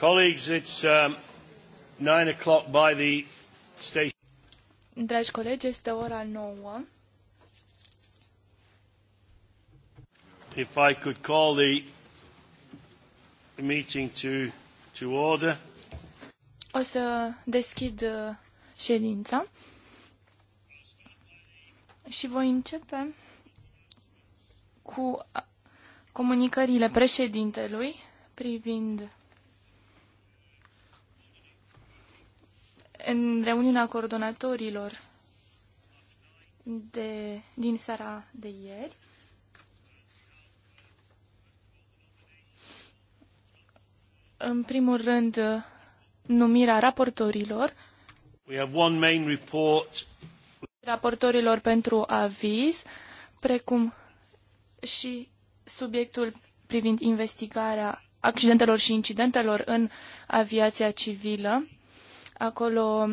Colleagues, it's um, nine o'clock by the station. Dragi colegi, este ora nouă. If I could call the meeting to, to order. O să deschid uh, ședința și voi începe cu uh, comunicările președintelui privind În reuniunea coordonatorilor de, din seara de ieri, în primul rând, numirea raportorilor. We have one main report. Raportorilor pentru aviz, precum și subiectul privind investigarea accidentelor și incidentelor în aviația civilă. Acolo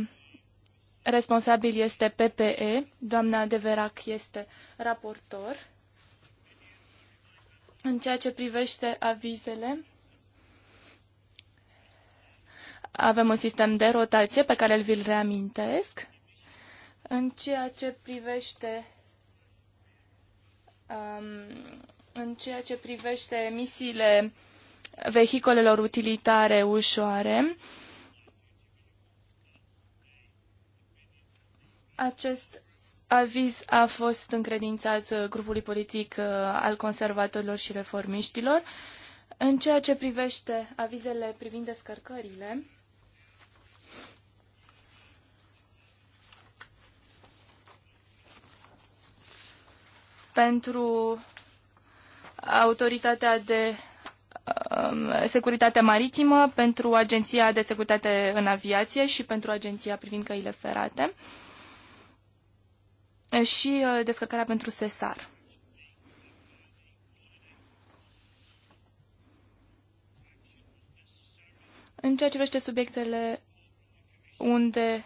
responsabil este PPE, doamna Deverac este raportor. În ceea ce privește avizele, avem un sistem de rotație pe care îl vi-l reamintesc. În ceea ce privește um, în ceea ce privește emisiile vehicolelor utilitare ușoare, uh, Acest aviz a fost încredințat uh, grupului politic uh, al conservatorilor și reformiștilor. În ceea ce privește avizele privind descărcările, pentru autoritatea de um, securitate maritimă, pentru Agenția de Securitate în Aviație și pentru Agenția privind căile ferate și descărcarea pentru SESAR. În ceea ce privește subiectele unde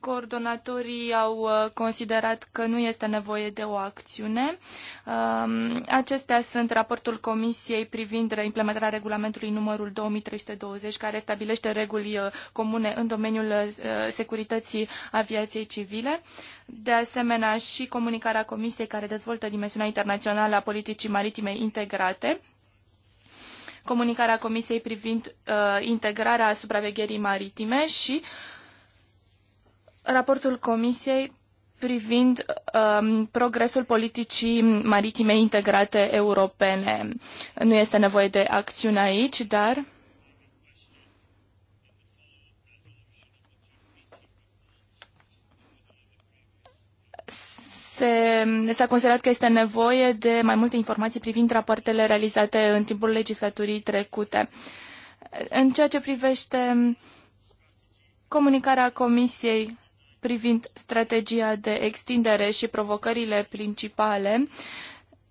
coordonatorii au uh, considerat că nu este nevoie de o acțiune. Um, acestea sunt raportul Comisiei privind implementarea regulamentului numărul 2320, care stabilește reguli uh, comune în domeniul uh, securității aviației civile. De asemenea, și comunicarea Comisiei care dezvoltă dimensiunea internațională a politicii maritime integrate comunicarea Comisiei privind uh, integrarea supravegherii maritime și uh, raportul Comisiei privind um, progresul politicii maritime integrate europene. Nu este nevoie de acțiune aici, dar. se, s-a considerat că este nevoie de mai multe informații privind rapoartele realizate în timpul legislaturii trecute. În ceea ce privește comunicarea Comisiei privind strategia de extindere și provocările principale.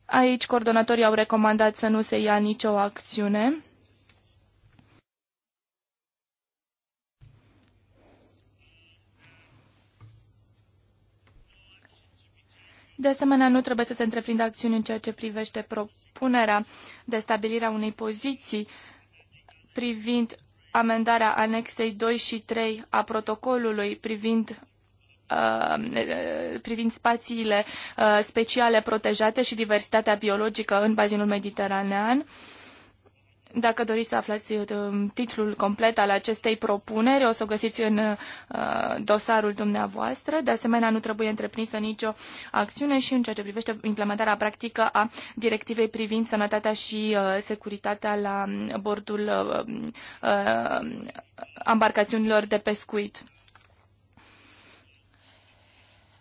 Aici coordonatorii au recomandat să nu se ia nicio acțiune. De asemenea, nu trebuie să se întreprindă acțiuni în ceea ce privește propunerea de stabilirea unei poziții privind amendarea anexei 2 și 3 a protocolului privind Uh, uh, privind spațiile uh, speciale protejate și diversitatea biologică în bazinul mediteranean. Dacă doriți să aflați titlul complet al acestei propuneri, o să o găsiți în dosarul dumneavoastră. De asemenea, nu trebuie întreprinsă nicio acțiune și în ceea ce privește implementarea practică a directivei privind sănătatea și securitatea la bordul embarcațiunilor de pescuit.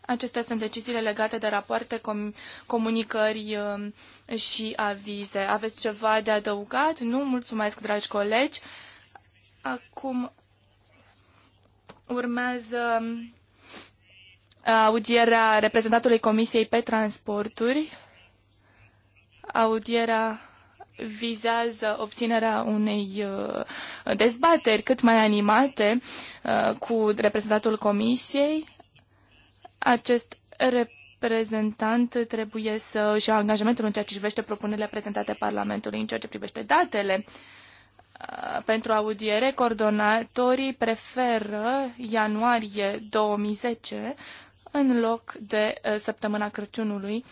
Acestea sunt deciziile legate de rapoarte, com- comunicări um, și avize. Aveți ceva de adăugat? Nu? Mulțumesc, dragi colegi. Acum urmează um, audierea reprezentatului Comisiei pe Transporturi. Audierea vizează obținerea unei uh, dezbateri cât mai animate uh, cu reprezentatul Comisiei acest reprezentant trebuie să își ia angajamentul în ceea ce privește propunerile prezentate Parlamentului, în ceea ce privește datele. Uh, pentru audiere, coordonatorii preferă ianuarie 2010 în loc de uh, săptămâna Crăciunului.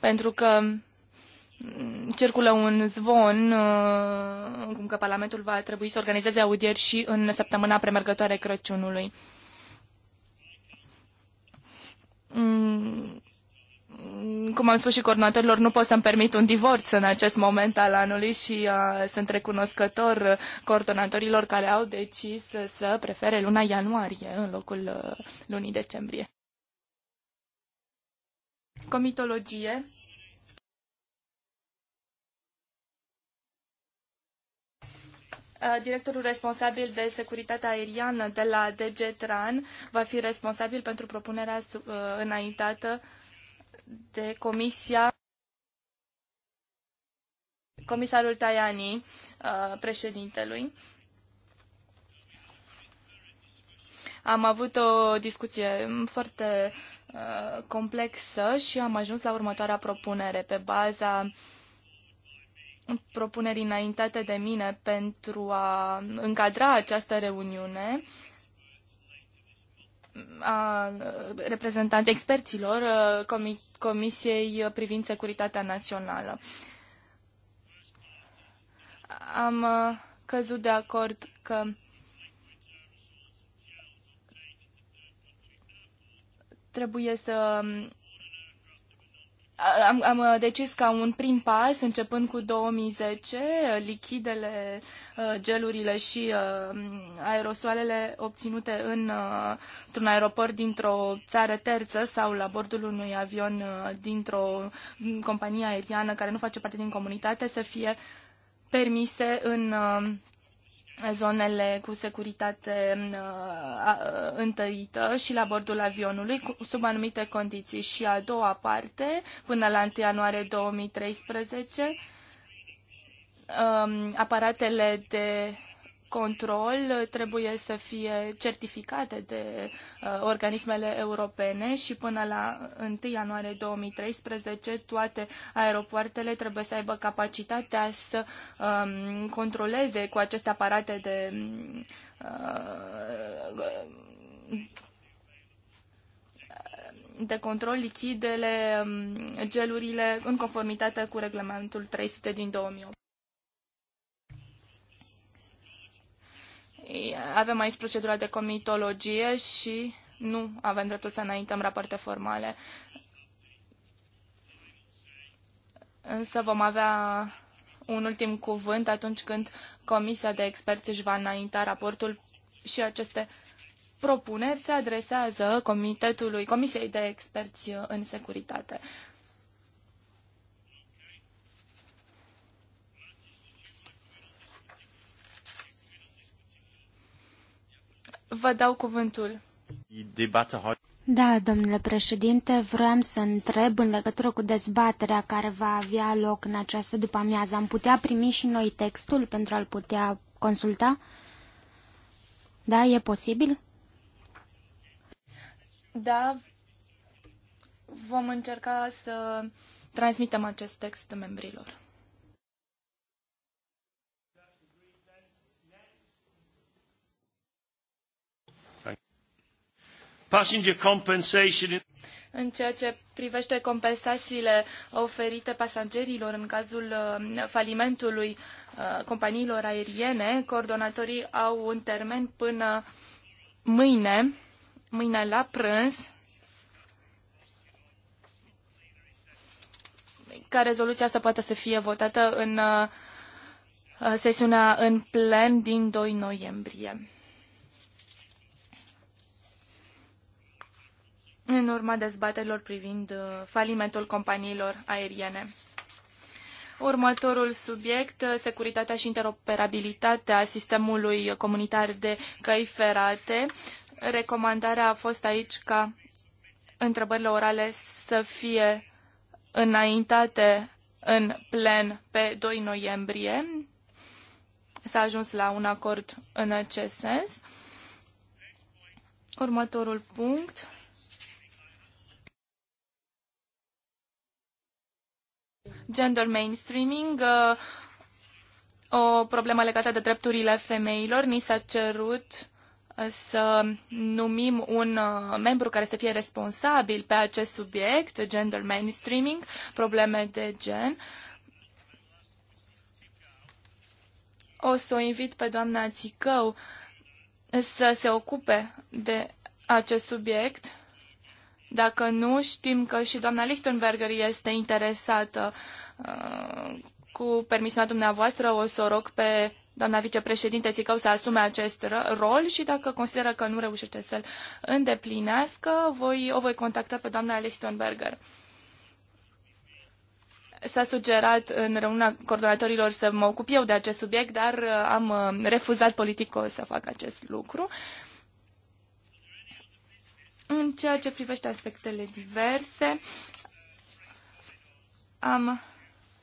Pentru că circulă un zvon uh, cum că Parlamentul va trebui să organizeze audieri și în săptămâna premergătoare Crăciunului. Mm, cum am spus și coordonatorilor, nu pot să-mi permit un divorț în acest moment al anului și uh, sunt recunoscător coordonatorilor care au decis să prefere luna ianuarie în locul uh, lunii decembrie. Comitologie Uh, directorul responsabil de securitate aeriană de la DG Tran va fi responsabil pentru propunerea uh, înaintată de Comisia Comisarul Tajani, uh, președintelui. Am avut o discuție foarte complexă și am ajuns la următoarea propunere pe baza uh, propuneri înaintate de mine pentru a încadra această reuniune a reprezentant experților uh, comi Comisiei privind securitatea națională. Am uh, căzut de acord că trebuie să um, am, am uh, decis ca un prim pas, începând cu 2010, uh, lichidele, uh, gelurile și aerosoalele obținute în, într-un aeroport dintr-o țară terță sau la bordul unui avion dintr-o mm, companie aeriană care nu face parte din comunitate să fie permise în zonele cu securitate uh, uh, întărită și la bordul avionului sub anumite condiții. Și a doua parte, până la 1 ianuarie 2013, um, aparatele de control trebuie să fie certificate de uh, organismele europene și până la 1 ianuarie 2013 toate aeropoartele trebuie să aibă capacitatea să um, controleze cu aceste aparate de uh, de control lichidele, um, gelurile, în conformitate cu regulamentul 300 din 2008. Avem aici procedura de comitologie și nu avem dreptul să înaintăm rapoarte formale. Însă vom avea un ultim cuvânt atunci când Comisia de Experți își va înainta raportul și aceste propuneri se adresează Comitetului, Comisiei de Experți în Securitate. Vă dau cuvântul. Da, domnule președinte, vreau să întreb în legătură cu dezbaterea care va avea loc în această după-amiază. Am putea primi și noi textul pentru a-l putea consulta? Da, e posibil? Da, vom încerca să transmitem acest text membrilor. passenger compensation în ceea ce privește compensațiile oferite pasagerilor în cazul uh, falimentului uh, companiilor aeriene, coordonatorii au un termen până mâine, mâine la prânz, ca rezoluția să poată să fie votată în uh, sesiunea în plen din 2 noiembrie. în urma dezbaterilor privind uh, falimentul companiilor aeriene. Următorul subiect, uh, securitatea și interoperabilitatea sistemului comunitar de căi ferate. Recomandarea a fost aici ca întrebările orale să fie înaintate în plen pe 2 noiembrie. S-a ajuns la un acord în acest sens. Următorul punct gender mainstreaming, uh, o problemă legată de drepturile femeilor. Ni s-a cerut uh, să numim un uh, membru care să fie responsabil pe acest subiect, gender mainstreaming, probleme de gen. O să o invit pe doamna Țicău să se ocupe de acest subiect dacă nu, știm că și doamna Lichtenberger este interesată. Uh, cu permisiunea dumneavoastră o să o rog pe doamna vicepreședinte Țicău să asume acest rol și dacă consideră că nu reușește să-l îndeplinească, voi, o voi contacta pe doamna Lichtenberger. S-a sugerat în reuniunea coordonatorilor să mă ocup eu de acest subiect, dar uh, am uh, refuzat politicos să fac acest lucru. În ceea ce privește aspectele diverse, am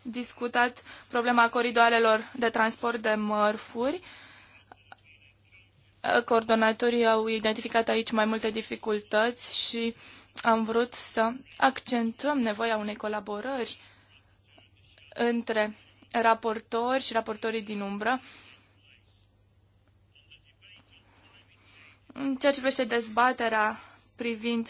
discutat problema coridoarelor de transport de mărfuri. Coordonatorii au identificat aici mai multe dificultăți și am vrut să accentuăm nevoia unei colaborări între raportori și raportorii din umbră. În ceea ce privește dezbaterea privind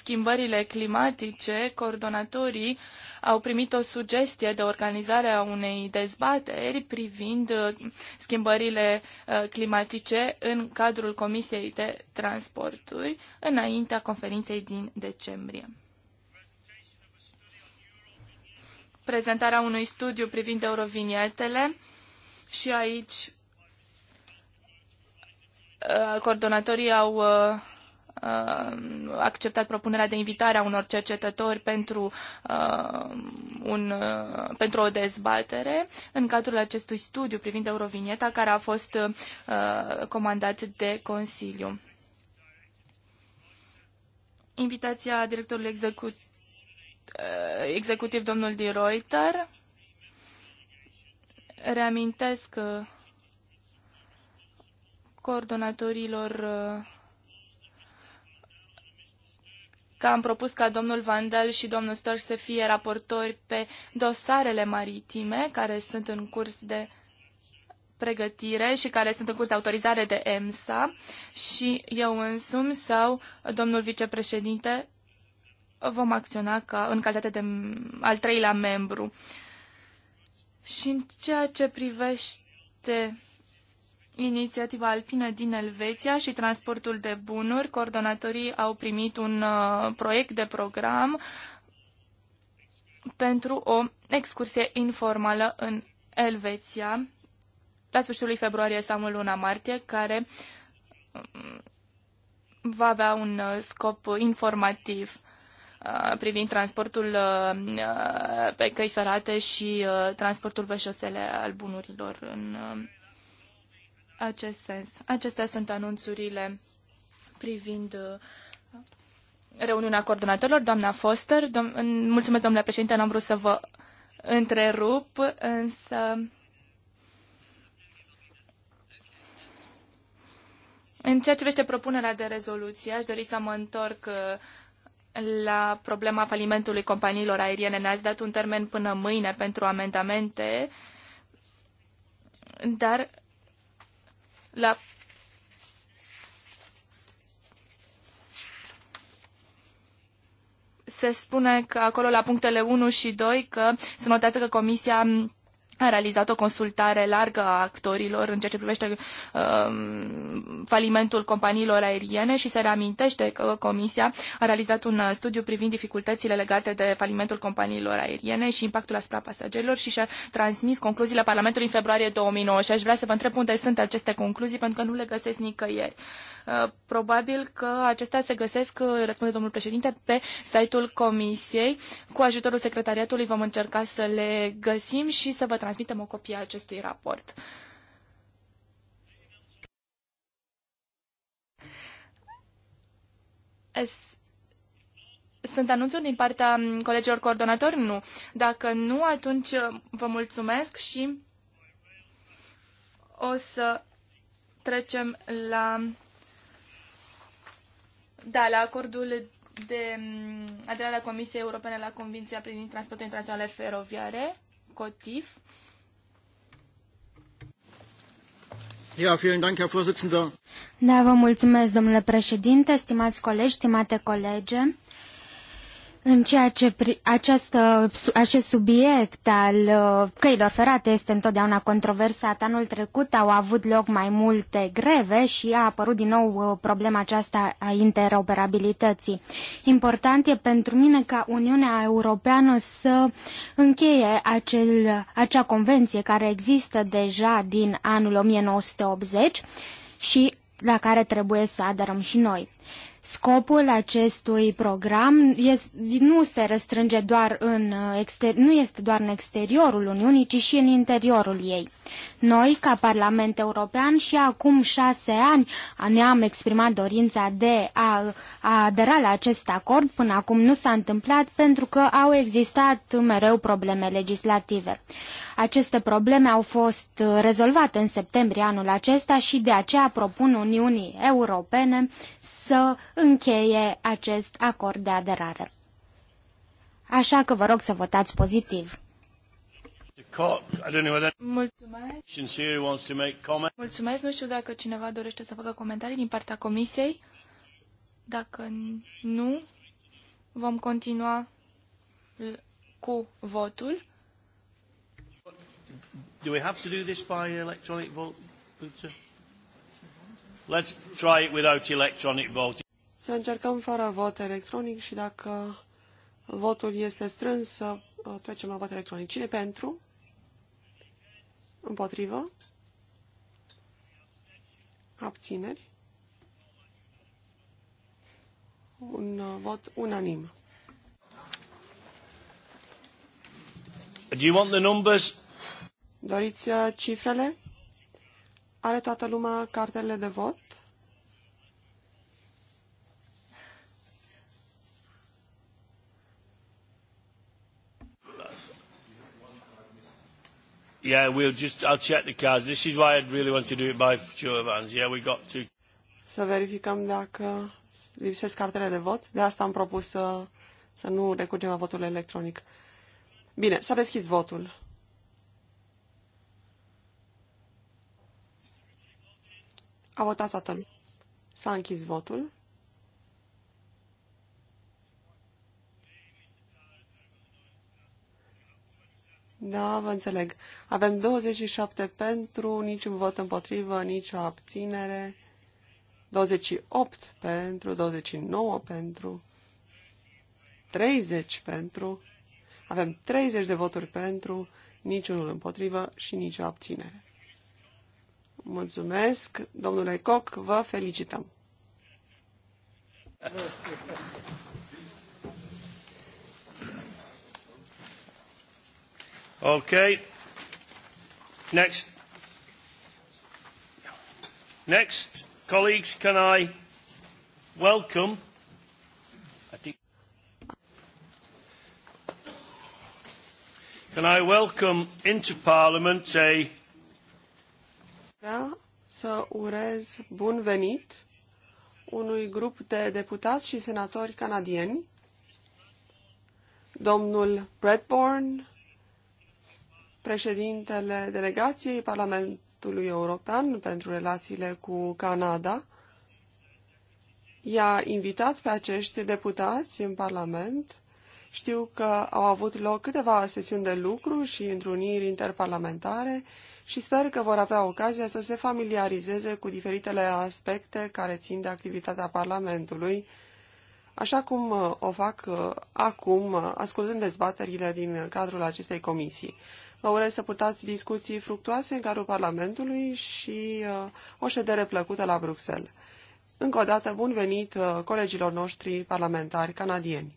schimbările climatice, coordonatorii au primit o sugestie de organizare a unei dezbateri privind uh, schimbările uh, climatice în cadrul Comisiei de Transporturi înaintea conferinței din decembrie. Prezentarea unui studiu privind eurovinietele și aici uh, coordonatorii au Uh, acceptat propunerea de invitare a unor cercetători pentru, uh, un, uh, pentru o dezbatere în cadrul acestui studiu privind Eurovinieta care a fost comandat de Consiliu. Invitația directorului execut, executiv, domnul Di Reuter, reamintesc coordonatorilor că am propus ca domnul Vandal și domnul Stăr să fie raportori pe dosarele maritime care sunt în curs de pregătire și care sunt în curs de autorizare de EMSA și eu însumi sau domnul vicepreședinte vom acționa ca în calitate de al treilea membru. Și în ceea ce privește inițiativa alpină din Elveția și transportul de bunuri, coordonatorii au primit un uh, proiect de program pentru o excursie informală în Elveția la sfârșitul lui februarie sau în luna martie, care um, va avea un uh, scop informativ uh, privind transportul pe căi ferate și transportul pe șosele al bunurilor în acest sens. Acestea sunt anunțurile privind uh, reuniunea coordonatorilor. Doamna Foster, dom- mulțumesc, domnule președinte, n-am vrut să vă întrerup, însă în ceea ce vește propunerea de rezoluție, aș dori să mă întorc uh, la problema falimentului companiilor aeriene. Ne-ați dat un termen până mâine pentru amendamente, dar la se spune că acolo la punctele 1 și 2 că se notează că comisia a realizat o consultare largă a actorilor în ceea ce privește um, falimentul companiilor aeriene și se reamintește că Comisia a realizat un uh, studiu privind dificultățile legate de falimentul companiilor aeriene și impactul asupra pasagerilor și și-a transmis concluziile Parlamentului în februarie 2009 și aș vrea să vă întreb unde sunt aceste concluzii pentru că nu le găsesc nicăieri. Uh, probabil că acestea se găsesc, uh, răspunde domnul președinte, pe site-ul Comisiei. Cu ajutorul secretariatului vom încerca să le găsim și să vă transmitem o copie a acestui raport. Sunt anunțuri din partea colegilor coordonatori? Nu. Dacă nu, atunci uh, vă mulțumesc și o să trecem la, da, la acordul de mm, aderarea Comisiei Europene la Convenția privind transportul internațional feroviare. Cotif. Ja, vielen Dank, Herr Vorsitzender. Da, vă mulțumesc, domnule președinte, stimați colegi, stimate colege. În ceea ce pri- această, acest subiect al uh, căilor ferate este întotdeauna controversat, anul trecut au avut loc mai multe greve și a apărut din nou uh, problema aceasta a interoperabilității. Important e pentru mine ca Uniunea Europeană să încheie acel, acea convenție care există deja din anul 1980 și la care trebuie să aderăm și noi. Scopul acestui program nu se restrânge doar în exter- nu este doar în exteriorul Uniunii, ci și în interiorul ei. Noi, ca Parlament European, și acum șase ani ne-am exprimat dorința de a, a adera la acest acord. Până acum nu s-a întâmplat pentru că au existat mereu probleme legislative. Aceste probleme au fost rezolvate în septembrie anul acesta și de aceea propun Uniunii Europene să încheie acest acord de aderare. Așa că vă rog să votați pozitiv. Mulțumesc. Mulțumesc. Nu știu dacă cineva dorește să facă comentarii din partea comisiei. Dacă nu, vom continua cu votul. Do we have to do this by electronic vote? Let's try it without electronic vote. Să încercăm fără vot electronic și dacă votul este strâns, să uh, trecem la vot electronic. Cine pentru? Împotrivă? Abțineri? Un uh, vot unanim. Do you want the numbers? Doriți uh, cifrele? Are toată lumea cartele de vot? Yeah, we'll just, I'll check the cards. This is why I'd really want to do it by show of hands. Yeah, we got to. Să verificăm dacă lipsesc cartele de vot. De asta am propus să, să nu recurgem la votul electronic. Bine, s-a deschis votul. A votat toată lumea. S-a închis votul. Da, vă înțeleg. Avem 27 pentru, niciun vot împotrivă, nicio abținere. 28 pentru, 29 pentru, 30 pentru. Avem 30 de voturi pentru, niciunul împotrivă și nicio abținere. Mulțumesc, domnule Coc, vă felicităm. Okay. Next. Next, colleagues, can I welcome? I think. Can I welcome into Parliament a? Vreau să urez bun venit unui grup de deputați și senatori canadieni, domnul Bradbourne, președintele delegației Parlamentului European pentru relațiile cu Canada. I-a invitat pe acești deputați în Parlament. Știu că au avut loc câteva sesiuni de lucru și întruniri interparlamentare și sper că vor avea ocazia să se familiarizeze cu diferitele aspecte care țin de activitatea Parlamentului, așa cum uh, o fac uh, acum, uh, ascultând dezbaterile din cadrul acestei comisii. Vă urez să purtați discuții fructuoase în cadrul Parlamentului și uh, o ședere plăcută la Bruxelles. Încă o dată, bun venit uh, colegilor noștri parlamentari canadieni.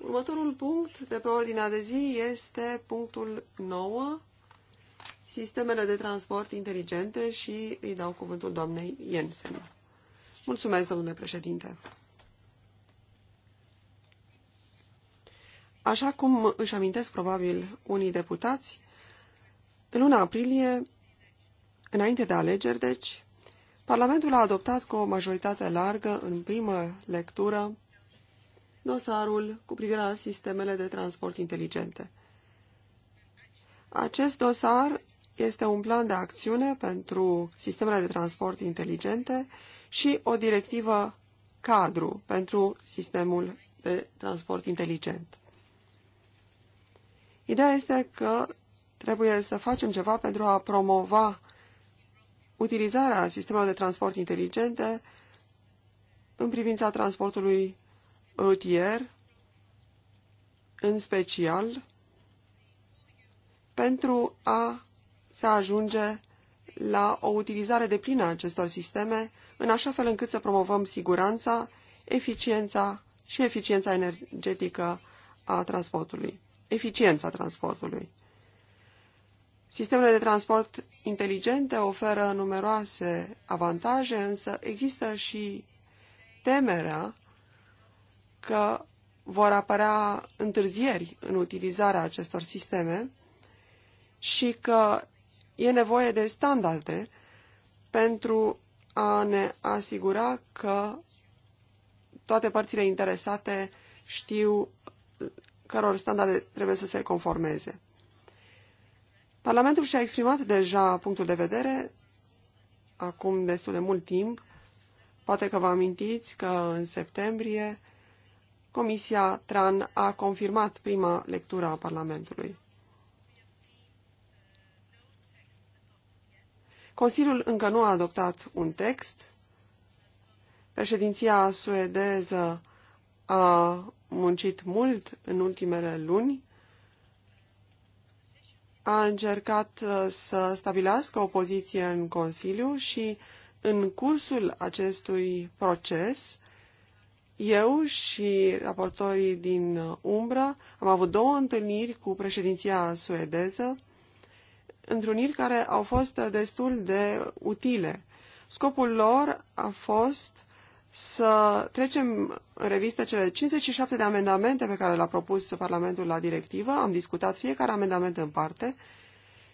Următorul punct de pe ordinea de zi este punctul 9, sistemele de transport inteligente și îi dau cuvântul doamnei Jensen. Mulțumesc, domnule președinte. Așa cum își amintesc probabil unii deputați, în luna aprilie, înainte de alegeri, deci, Parlamentul a adoptat cu o majoritate largă în primă lectură dosarul cu privire la sistemele de transport inteligente. Acest dosar este un plan de acțiune pentru sistemele de transport inteligente și o directivă cadru pentru sistemul de transport inteligent. Ideea este că trebuie să facem ceva pentru a promova utilizarea sistemelor de transport inteligente în privința transportului rutier, în special pentru a se ajunge la o utilizare de plină a acestor sisteme, în așa fel încât să promovăm siguranța, eficiența și eficiența energetică a transportului eficiența transportului. Sistemele de transport inteligente oferă numeroase avantaje, însă există și temerea că vor apărea întârzieri în utilizarea acestor sisteme și că e nevoie de standarde pentru a ne asigura că toate părțile interesate știu căror standarde trebuie să se conformeze. Parlamentul și-a exprimat deja punctul de vedere acum destul de mult timp. Poate că vă amintiți că în septembrie Comisia TRAN a confirmat prima lectură a Parlamentului. Consiliul încă nu a adoptat un text. Președinția suedeză a muncit mult în ultimele luni, a încercat uh, să stabilească o poziție în Consiliu și în cursul acestui proces, eu și raportorii din uh, Umbra am avut două întâlniri cu președinția suedeză, întâlniri care au fost uh, destul de utile. Scopul lor a fost să trecem în revistă cele 57 de amendamente pe care le-a propus Parlamentul la directivă. Am discutat fiecare amendament în parte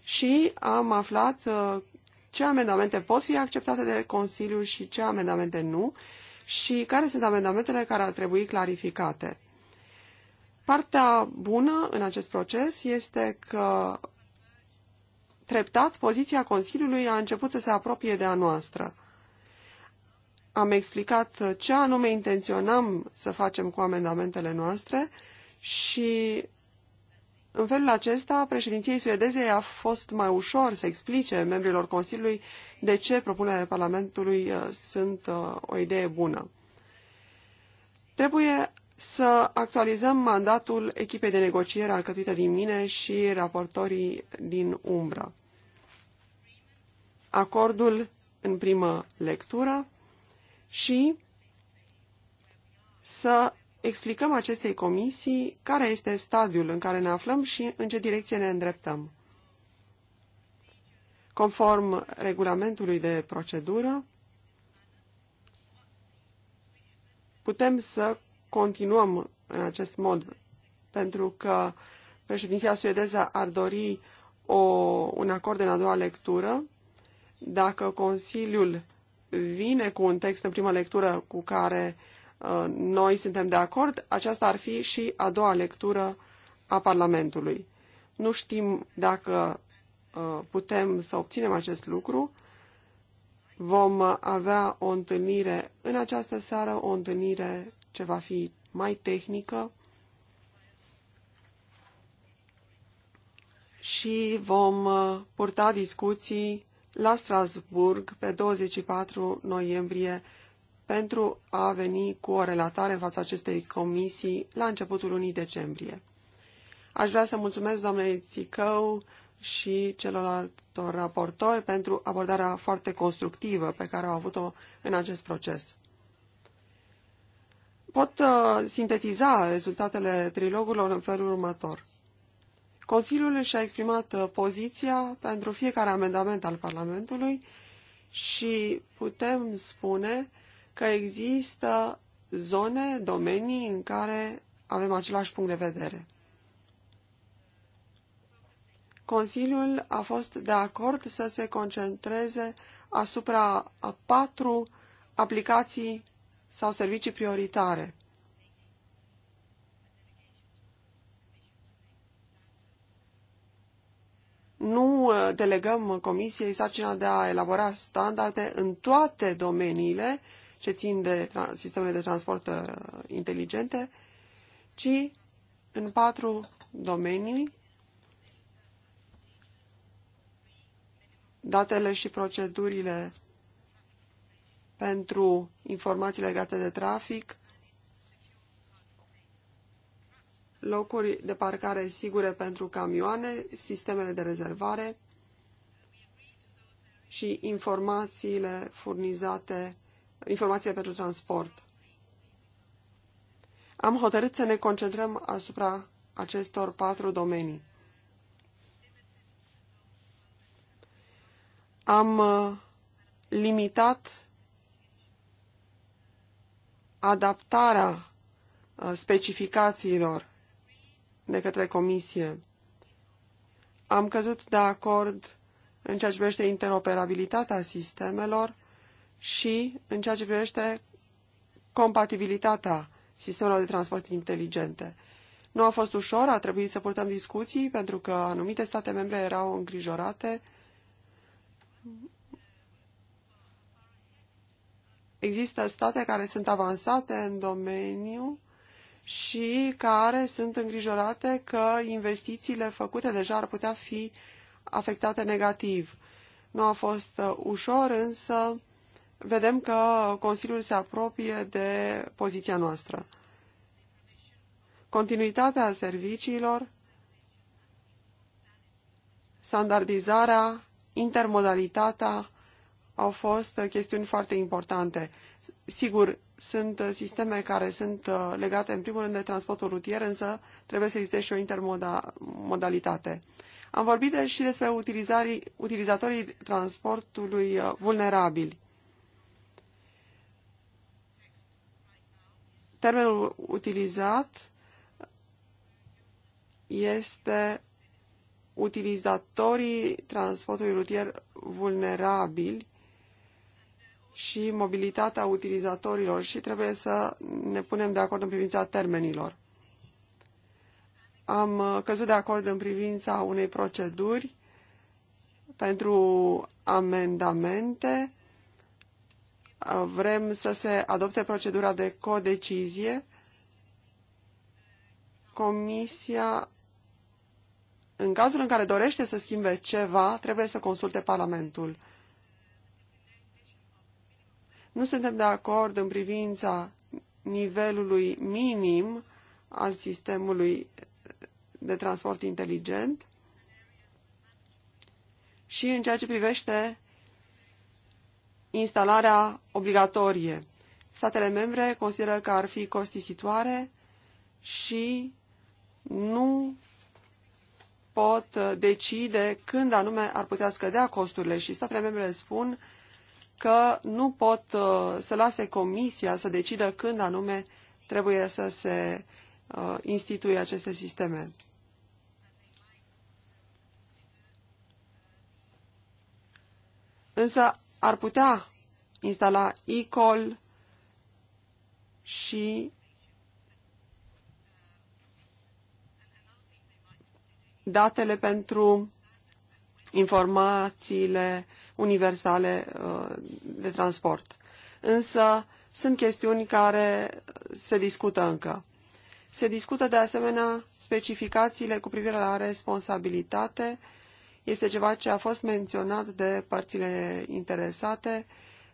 și am aflat uh, ce amendamente pot fi acceptate de Consiliu și ce amendamente nu și care sunt amendamentele care ar trebui clarificate. Partea bună în acest proces este că treptat poziția Consiliului a început să se apropie de a noastră am explicat ce anume intenționam să facem cu amendamentele noastre și în felul acesta președinției suedeze a fost mai ușor să explice membrilor Consiliului de ce propunerile Parlamentului uh, sunt uh, o idee bună. Trebuie să actualizăm mandatul echipei de negociere alcătuită din mine și raportorii din umbră. Acordul în primă lectură și să explicăm acestei comisii care este stadiul în care ne aflăm și în ce direcție ne îndreptăm. Conform regulamentului de procedură, putem să continuăm în acest mod, pentru că președinția suedeză ar dori o, un acord în a doua lectură. Dacă Consiliul vine cu un text în prima lectură cu care uh, noi suntem de acord, aceasta ar fi și a doua lectură a Parlamentului. Nu știm dacă uh, putem să obținem acest lucru. Vom avea o întâlnire în această seară, o întâlnire ce va fi mai tehnică și vom uh, purta discuții la Strasburg pe 24 noiembrie pentru a veni cu o relatare în fața acestei comisii la începutul lunii decembrie. Aș vrea să mulțumesc doamnei Țicău și celorlaltor raportori pentru abordarea foarte constructivă pe care au avut-o în acest proces. Pot uh, sintetiza rezultatele trilogurilor în felul următor. Consiliul și-a exprimat uh, poziția pentru fiecare amendament al Parlamentului și putem spune că există zone, domenii în care avem același punct de vedere. Consiliul a fost de acord să se concentreze asupra a patru aplicații sau servicii prioritare. nu uh, delegăm Comisiei sarcina de a elabora standarde în toate domeniile ce țin de sistemele de transport uh, inteligente, ci în patru domenii, datele și procedurile pentru informații legate de trafic, locuri de parcare sigure pentru camioane, sistemele de rezervare și informațiile furnizate, informațiile pentru transport. Am hotărât să ne concentrăm asupra acestor patru domenii. Am uh, limitat adaptarea uh, specificațiilor de către Comisie. Am căzut de acord în ceea ce privește interoperabilitatea sistemelor și în ceea ce privește compatibilitatea sistemelor de transport inteligente. Nu a fost ușor, a trebuit să purtăm discuții pentru că anumite state membre erau îngrijorate. Există state care sunt avansate în domeniu și care sunt îngrijorate că investițiile făcute deja ar putea fi afectate negativ. Nu a fost uh, ușor, însă vedem că Consiliul se apropie de poziția noastră. Continuitatea serviciilor, standardizarea, intermodalitatea au fost uh, chestiuni foarte importante. Sigur, sunt uh, sisteme care sunt uh, legate în primul rând de transportul rutier, însă trebuie să existe și o intermodalitate. Am vorbit și despre utilizatorii transportului uh, vulnerabili. Termenul utilizat este utilizatorii transportului rutier vulnerabili și mobilitatea utilizatorilor și trebuie să ne punem de acord în privința termenilor. Am uh, căzut de acord în privința unei proceduri pentru amendamente. Uh, vrem să se adopte procedura de codecizie. Comisia, în cazul în care dorește să schimbe ceva, trebuie să consulte Parlamentul. Nu suntem de acord în privința nivelului minim al sistemului de transport inteligent și în ceea ce privește instalarea obligatorie. Statele membre consideră că ar fi costisitoare și nu pot decide când anume ar putea scădea costurile și statele membre spun că nu pot uh, să lase comisia să decidă când anume trebuie să se uh, instituie aceste sisteme. Însă ar putea instala e-call și datele pentru informațiile universale uh, de transport. Însă sunt chestiuni care se discută încă. Se discută de asemenea specificațiile cu privire la responsabilitate. Este ceva ce a fost menționat de părțile interesate.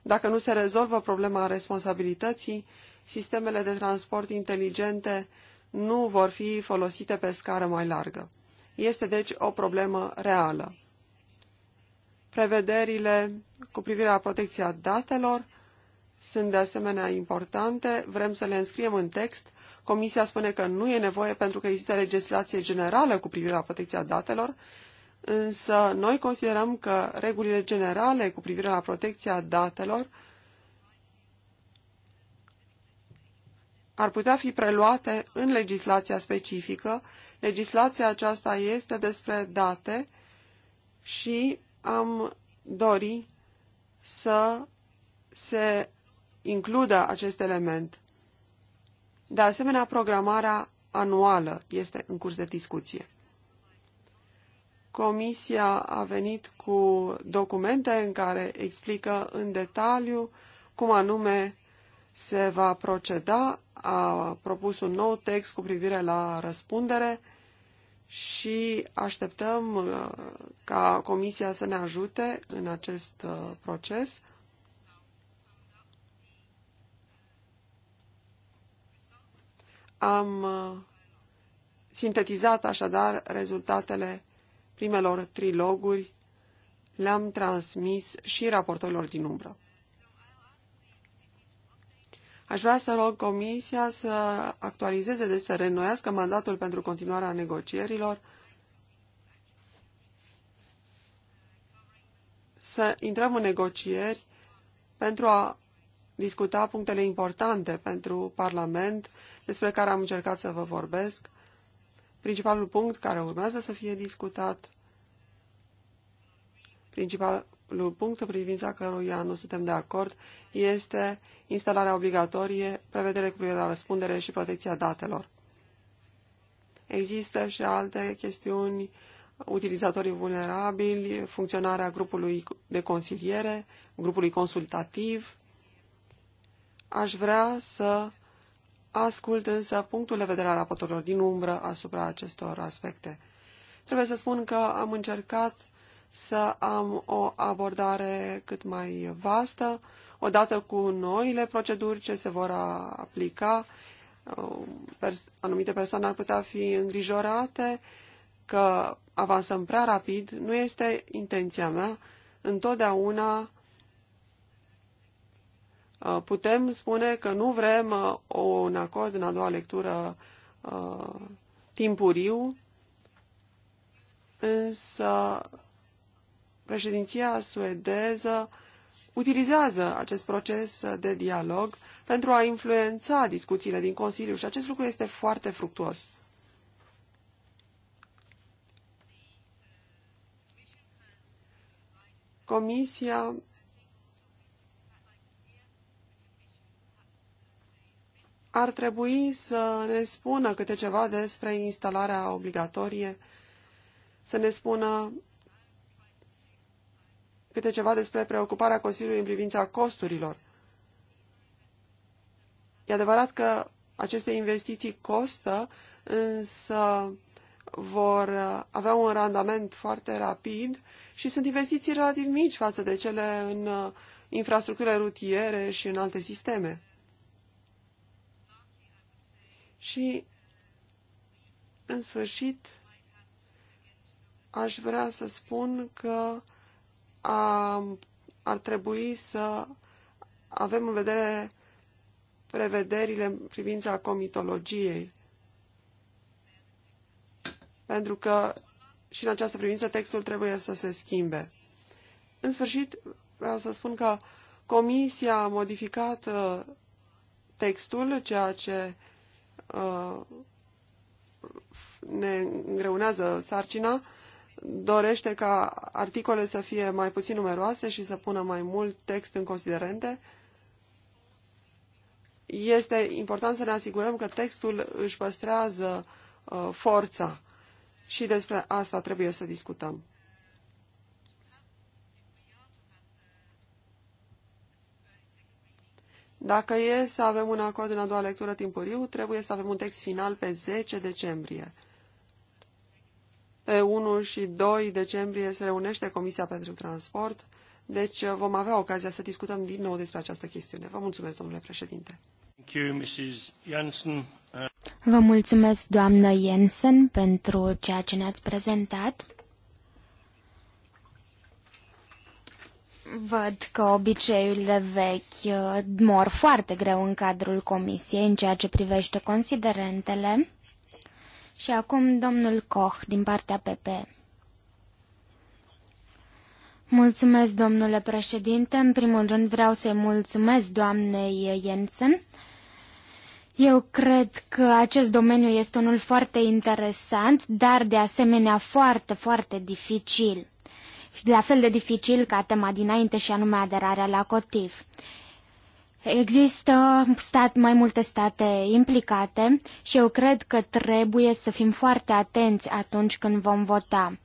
Dacă nu se rezolvă problema responsabilității, sistemele de transport inteligente nu vor fi folosite pe scară mai largă. Este deci o problemă reală. Prevederile cu privire la protecția datelor sunt de asemenea importante. Vrem să le înscriem în text. Comisia spune că nu e nevoie pentru că există legislație generală cu privire la protecția datelor, însă noi considerăm că regulile generale cu privire la protecția datelor ar putea fi preluate în legislația specifică. Legislația aceasta este despre date și am dori să se includă acest element. De asemenea, programarea anuală este în curs de discuție. Comisia a venit cu documente în care explică în detaliu cum anume se va proceda, a propus un nou text cu privire la răspundere, și așteptăm uh, ca Comisia să ne ajute în acest uh, proces. Am uh, sintetizat așadar rezultatele primelor triloguri, le-am transmis și raportorilor din umbră. Aș vrea să rog Comisia să actualizeze, deci să reînnoiască mandatul pentru continuarea negocierilor, să intrăm în negocieri pentru a discuta punctele importante pentru Parlament despre care am încercat să vă vorbesc, principalul punct care urmează să fie discutat, principal, punct în privința căruia nu suntem de acord este instalarea obligatorie, prevedere cu la răspundere și protecția datelor. Există și alte chestiuni, utilizatorii vulnerabili, funcționarea grupului de consiliere, grupului consultativ. Aș vrea să ascult însă punctul de vedere al raportorilor din umbră asupra acestor aspecte. Trebuie să spun că am încercat să am o abordare cât mai vastă, odată cu noile proceduri ce se vor aplica. Um, anumite persoane ar putea fi îngrijorate că avansăm prea rapid. Nu este intenția mea. Întotdeauna uh, putem spune că nu vrem uh, un acord în a doua lectură uh, timpuriu, însă Președinția suedeză utilizează acest proces de dialog pentru a influența discuțiile din Consiliu și acest lucru este foarte fructuos. Comisia ar trebui să ne spună câte ceva despre instalarea obligatorie, să ne spună câte ceva despre preocuparea Consiliului în privința costurilor. E adevărat că aceste investiții costă, însă vor avea un randament foarte rapid și sunt investiții relativ mici față de cele în infrastructurile rutiere și în alte sisteme. Și, în sfârșit, aș vrea să spun că ar trebui să avem în vedere prevederile în privința comitologiei. Pentru că și în această privință textul trebuie să se schimbe. În sfârșit, vreau să spun că Comisia a modificat uh, textul, ceea ce uh, ne îngreunează sarcina, dorește ca articole să fie mai puțin numeroase și să pună mai mult text în considerente. Este important să ne asigurăm că textul își păstrează uh, forța și despre asta trebuie să discutăm. Dacă e să avem un acord în a doua lectură timpuriu, trebuie să avem un text final pe 10 decembrie. Pe 1 și 2 decembrie se reunește Comisia pentru Transport, deci uh, vom avea ocazia să discutăm din nou despre această chestiune. Vă mulțumesc, domnule președinte. Uh, Vă mulțumesc, doamnă Jensen, pentru ceea ce ne-ați prezentat. Văd că obiceiurile vechi uh, mor foarte greu în cadrul comisiei în ceea ce privește considerentele. Și acum domnul Koch din partea PP. Mulțumesc, domnule președinte. În primul rând vreau să-i mulțumesc doamnei Jensen. Eu cred că acest domeniu este unul foarte interesant, dar de asemenea foarte, foarte dificil. Și la fel de dificil ca tema dinainte și anume aderarea la COTIF. Există stat, mai multe state implicate și eu cred că trebuie să fim foarte atenți atunci când vom vota.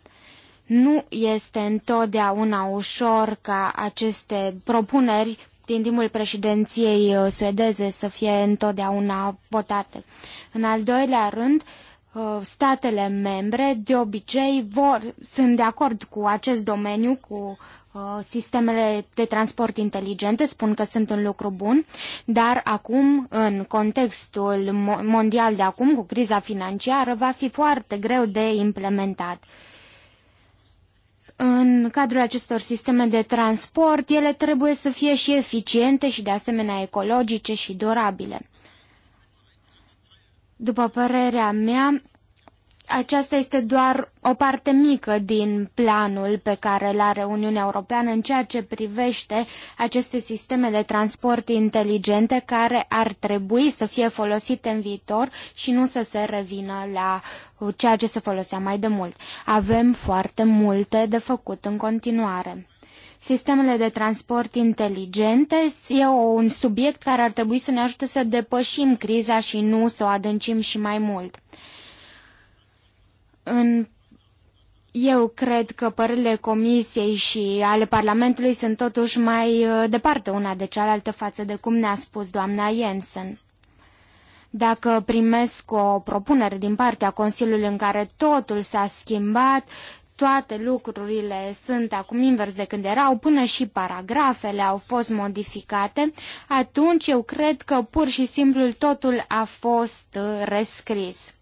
Nu este întotdeauna ușor ca aceste propuneri din timpul președinției uh, suedeze să fie întotdeauna votate. În al doilea rând, uh, statele membre de obicei vor, sunt de acord cu acest domeniu, cu Uh, sistemele de transport inteligente spun că sunt un lucru bun, dar acum, în contextul mondial de acum, cu criza financiară, va fi foarte greu de implementat. În cadrul acestor sisteme de transport, ele trebuie să fie și eficiente și, de asemenea, ecologice și durabile. După părerea mea, aceasta este doar o parte mică din planul pe care îl are Uniunea Europeană în ceea ce privește aceste sisteme de transport inteligente care ar trebui să fie folosite în viitor și nu să se revină la ceea ce se folosea mai de mult. Avem foarte multe de făcut în continuare. Sistemele de transport inteligente e un subiect care ar trebui să ne ajute să depășim criza și nu să o adâncim și mai mult. În eu cred că părerile Comisiei și ale Parlamentului sunt totuși mai uh, departe una de cealaltă față de cum ne-a spus doamna Jensen. Dacă primesc o propunere din partea Consiliului în care totul s-a schimbat, toate lucrurile sunt acum invers de când erau, până și paragrafele au fost modificate, atunci eu cred că pur și simplu totul a fost uh, rescris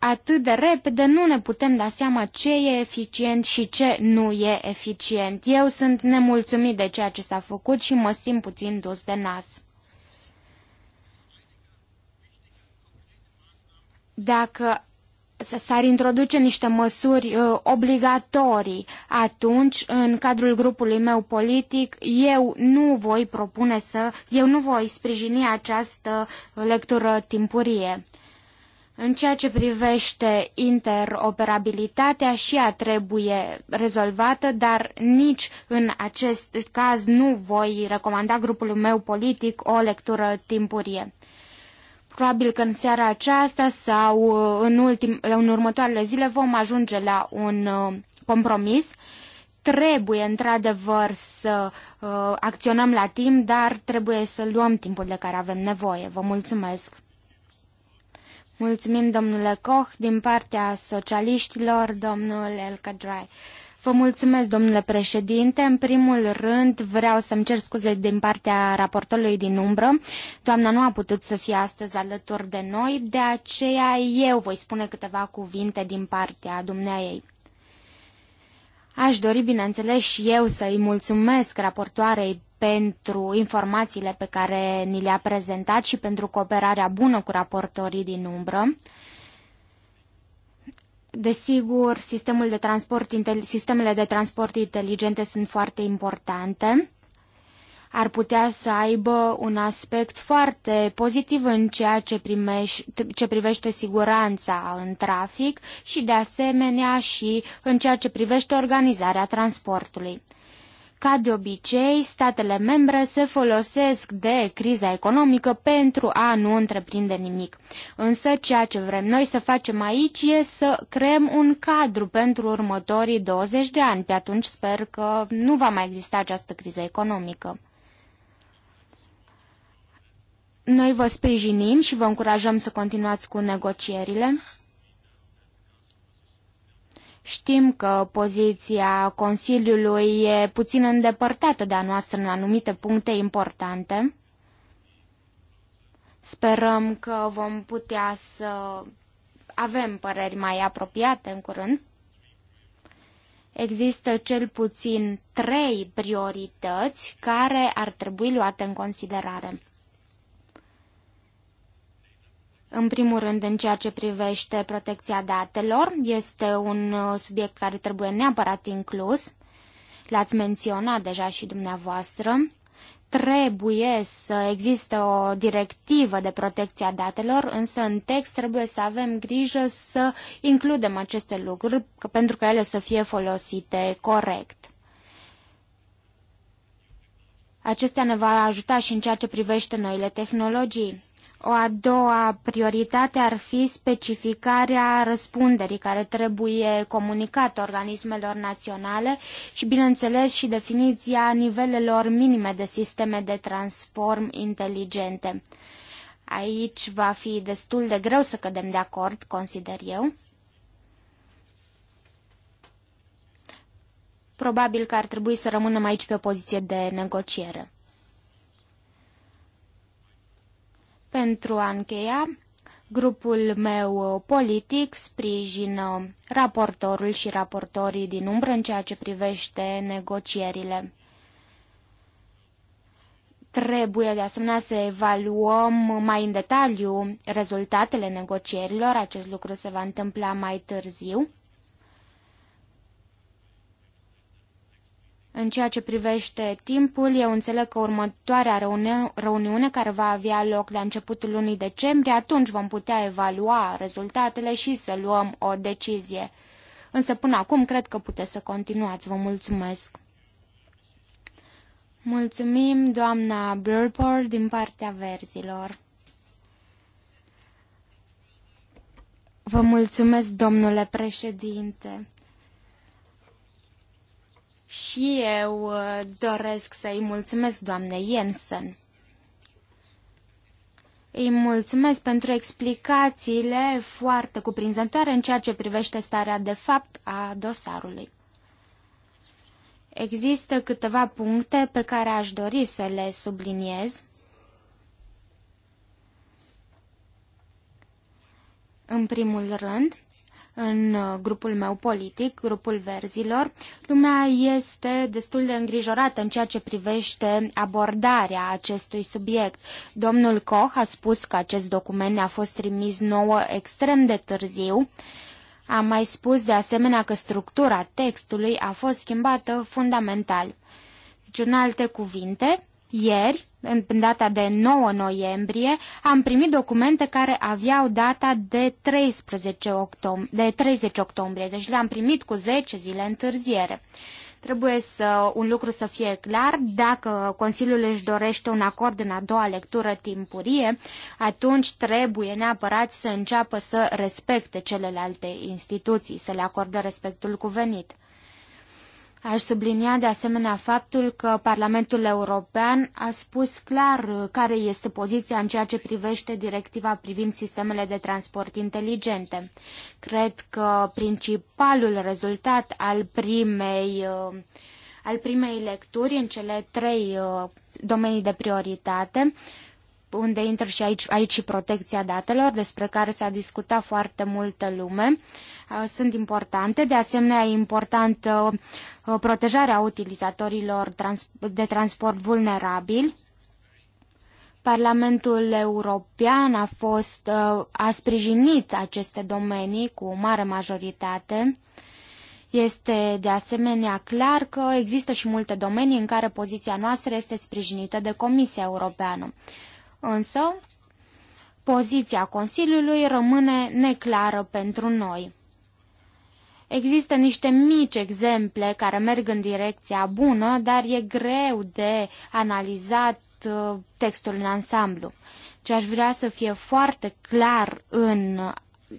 atât de repede nu ne putem da seama ce e eficient și ce nu e eficient. Eu sunt nemulțumit de ceea ce s-a făcut și mă simt puțin dus de nas. Dacă s-ar introduce niște măsuri uh, obligatorii, atunci, în cadrul grupului meu politic, eu nu voi propune să, eu nu voi sprijini această lectură timpurie. În ceea ce privește interoperabilitatea și ea trebuie rezolvată, dar nici în acest caz nu voi recomanda grupului meu politic o lectură timpurie. Probabil că în seara aceasta sau uh, în, ultim, în următoarele zile vom ajunge la un uh, compromis. Trebuie într-adevăr să uh, acționăm la timp, dar trebuie să luăm timpul de care avem nevoie. Vă mulțumesc! Mulțumim, domnule Koch, din partea socialiștilor, domnul El Kadrai. Vă mulțumesc, domnule președinte. În primul rând, vreau să-mi cer scuze din partea raportorului din umbră. Doamna nu a putut să fie astăzi alături de noi, de aceea eu voi spune câteva cuvinte din partea dumneaei. Aș dori, bineînțeles, și eu să-i mulțumesc raportoarei pentru informațiile pe care ni le-a prezentat și pentru cooperarea bună cu raportorii din umbră. Desigur, sistemul de transport, sistemele de transport inteligente sunt foarte importante. Ar putea să aibă un aspect foarte pozitiv în ceea ce, primești, ce privește siguranța în trafic și, de asemenea, și în ceea ce privește organizarea transportului. Ca de obicei, statele membre se folosesc de criza economică pentru a nu întreprinde nimic. Însă ceea ce vrem noi să facem aici e să creăm un cadru pentru următorii 20 de ani. Pe atunci sper că nu va mai exista această criză economică. Noi vă sprijinim și vă încurajăm să continuați cu negocierile. Știm că poziția Consiliului e puțin îndepărtată de a noastră în anumite puncte importante. Sperăm că vom putea să avem păreri mai apropiate în curând. Există cel puțin trei priorități care ar trebui luate în considerare. În primul rând, în ceea ce privește protecția datelor, este un uh, subiect care trebuie neapărat inclus. L-ați menționat deja și dumneavoastră. Trebuie să existe o directivă de protecție a datelor, însă în text trebuie să avem grijă să includem aceste lucruri pentru că ele să fie folosite corect. Acestea ne va ajuta și în ceea ce privește noile tehnologii. O a doua prioritate ar fi specificarea răspunderii care trebuie comunicată organismelor naționale și, bineînțeles, și definiția nivelelor minime de sisteme de transform inteligente. Aici va fi destul de greu să cădem de acord, consider eu. Probabil că ar trebui să rămânem aici pe o poziție de negociere. Pentru a încheia, grupul meu politic sprijină raportorul și raportorii din umbră în ceea ce privește negocierile. Trebuie de asemenea să evaluăm mai în detaliu rezultatele negocierilor, acest lucru se va întâmpla mai târziu. În ceea ce privește timpul, eu înțeleg că următoarea reuniune care va avea loc la începutul lunii decembrie, atunci vom putea evalua rezultatele și să luăm o decizie. Însă până acum cred că puteți să continuați. Vă mulțumesc! Mulțumim, doamna Burpor, din partea verzilor. Vă mulțumesc, domnule președinte. Și eu uh, doresc să-i mulțumesc doamnei Jensen. Îi mulțumesc pentru explicațiile foarte cuprinzătoare în ceea ce privește starea de fapt a dosarului. Există câteva puncte pe care aș dori să le subliniez. În primul rând, în uh, grupul meu politic, grupul verzilor, lumea este destul de îngrijorată în ceea ce privește abordarea acestui subiect. Domnul Koch a spus că acest document ne-a fost trimis nouă extrem de târziu. A mai spus de asemenea că structura textului a fost schimbată fundamental. Deci, în alte cuvinte, ieri, în data de 9 noiembrie, am primit documente care aveau data de, 13 octom- de 30 octombrie, deci le-am primit cu 10 zile întârziere. Trebuie să un lucru să fie clar, dacă Consiliul își dorește un acord în a doua lectură timpurie, atunci trebuie neapărat să înceapă să respecte celelalte instituții, să le acordă respectul cuvenit. Aș sublinia de asemenea faptul că Parlamentul European a spus clar uh, care este poziția în ceea ce privește directiva privind sistemele de transport inteligente. Cred că principalul rezultat al primei, uh, al primei lecturi în cele trei uh, domenii de prioritate unde intră și aici, aici și protecția datelor, despre care s-a discutat foarte multă lume. Uh, Uh, sunt importante. De asemenea, e importantă uh, uh, protejarea utilizatorilor de transport vulnerabili. Parlamentul European a fost a sprijinit aceste domenii cu o mare majoritate. Este de asemenea clar că există și multe domenii în care poziția noastră este sprijinită de Comisia Europeană. Însă, poziția Consiliului rămâne neclară pentru noi. Există niște mici exemple care merg în direcția bună, dar e greu de analizat uh, textul în ansamblu. Ce aș vrea să fie foarte clar în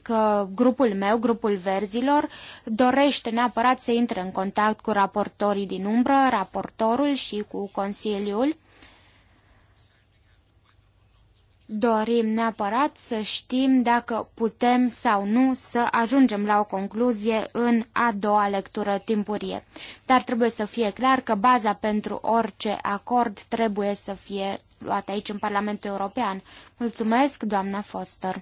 că grupul meu, grupul verzilor, dorește neapărat să intre în contact cu raportorii din umbră, raportorul și cu Consiliul dorim neapărat să știm dacă putem sau nu să ajungem la o concluzie în a doua lectură timpurie. Dar trebuie să fie clar că baza pentru orice acord trebuie să fie luată aici în Parlamentul European. Mulțumesc, doamna Foster.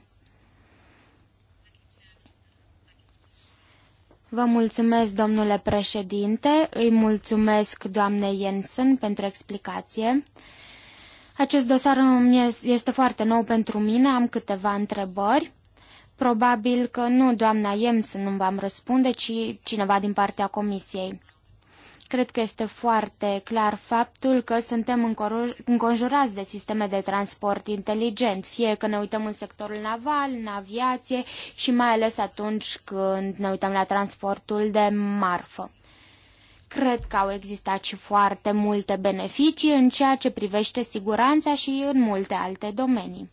Vă mulțumesc, domnule președinte, îi mulțumesc doamnei Jensen pentru explicație. Acest dosar este foarte nou pentru mine, am câteva întrebări. Probabil că nu doamna Jemsen nu v-am răspunde, ci cineva din partea comisiei. Cred că este foarte clar faptul că suntem înconjurați de sisteme de transport inteligent, fie că ne uităm în sectorul naval, în aviație și mai ales atunci când ne uităm la transportul de marfă. Cred că au existat și foarte multe beneficii în ceea ce privește siguranța și în multe alte domenii.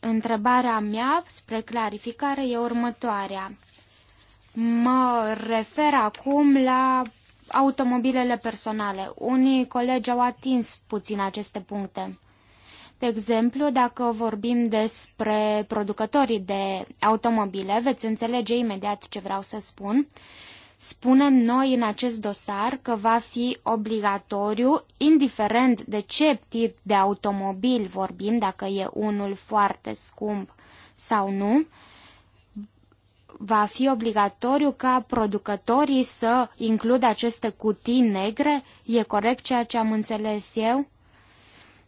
Întrebarea mea spre clarificare e următoarea. Mă refer acum la automobilele personale. Unii colegi au atins puțin aceste puncte. De exemplu, dacă vorbim despre producătorii de automobile, veți înțelege imediat ce vreau să spun. Spunem noi în acest dosar că va fi obligatoriu, indiferent de ce tip de automobil vorbim, dacă e unul foarte scump sau nu, va fi obligatoriu ca producătorii să includă aceste cutii negre? E corect ceea ce am înțeles eu?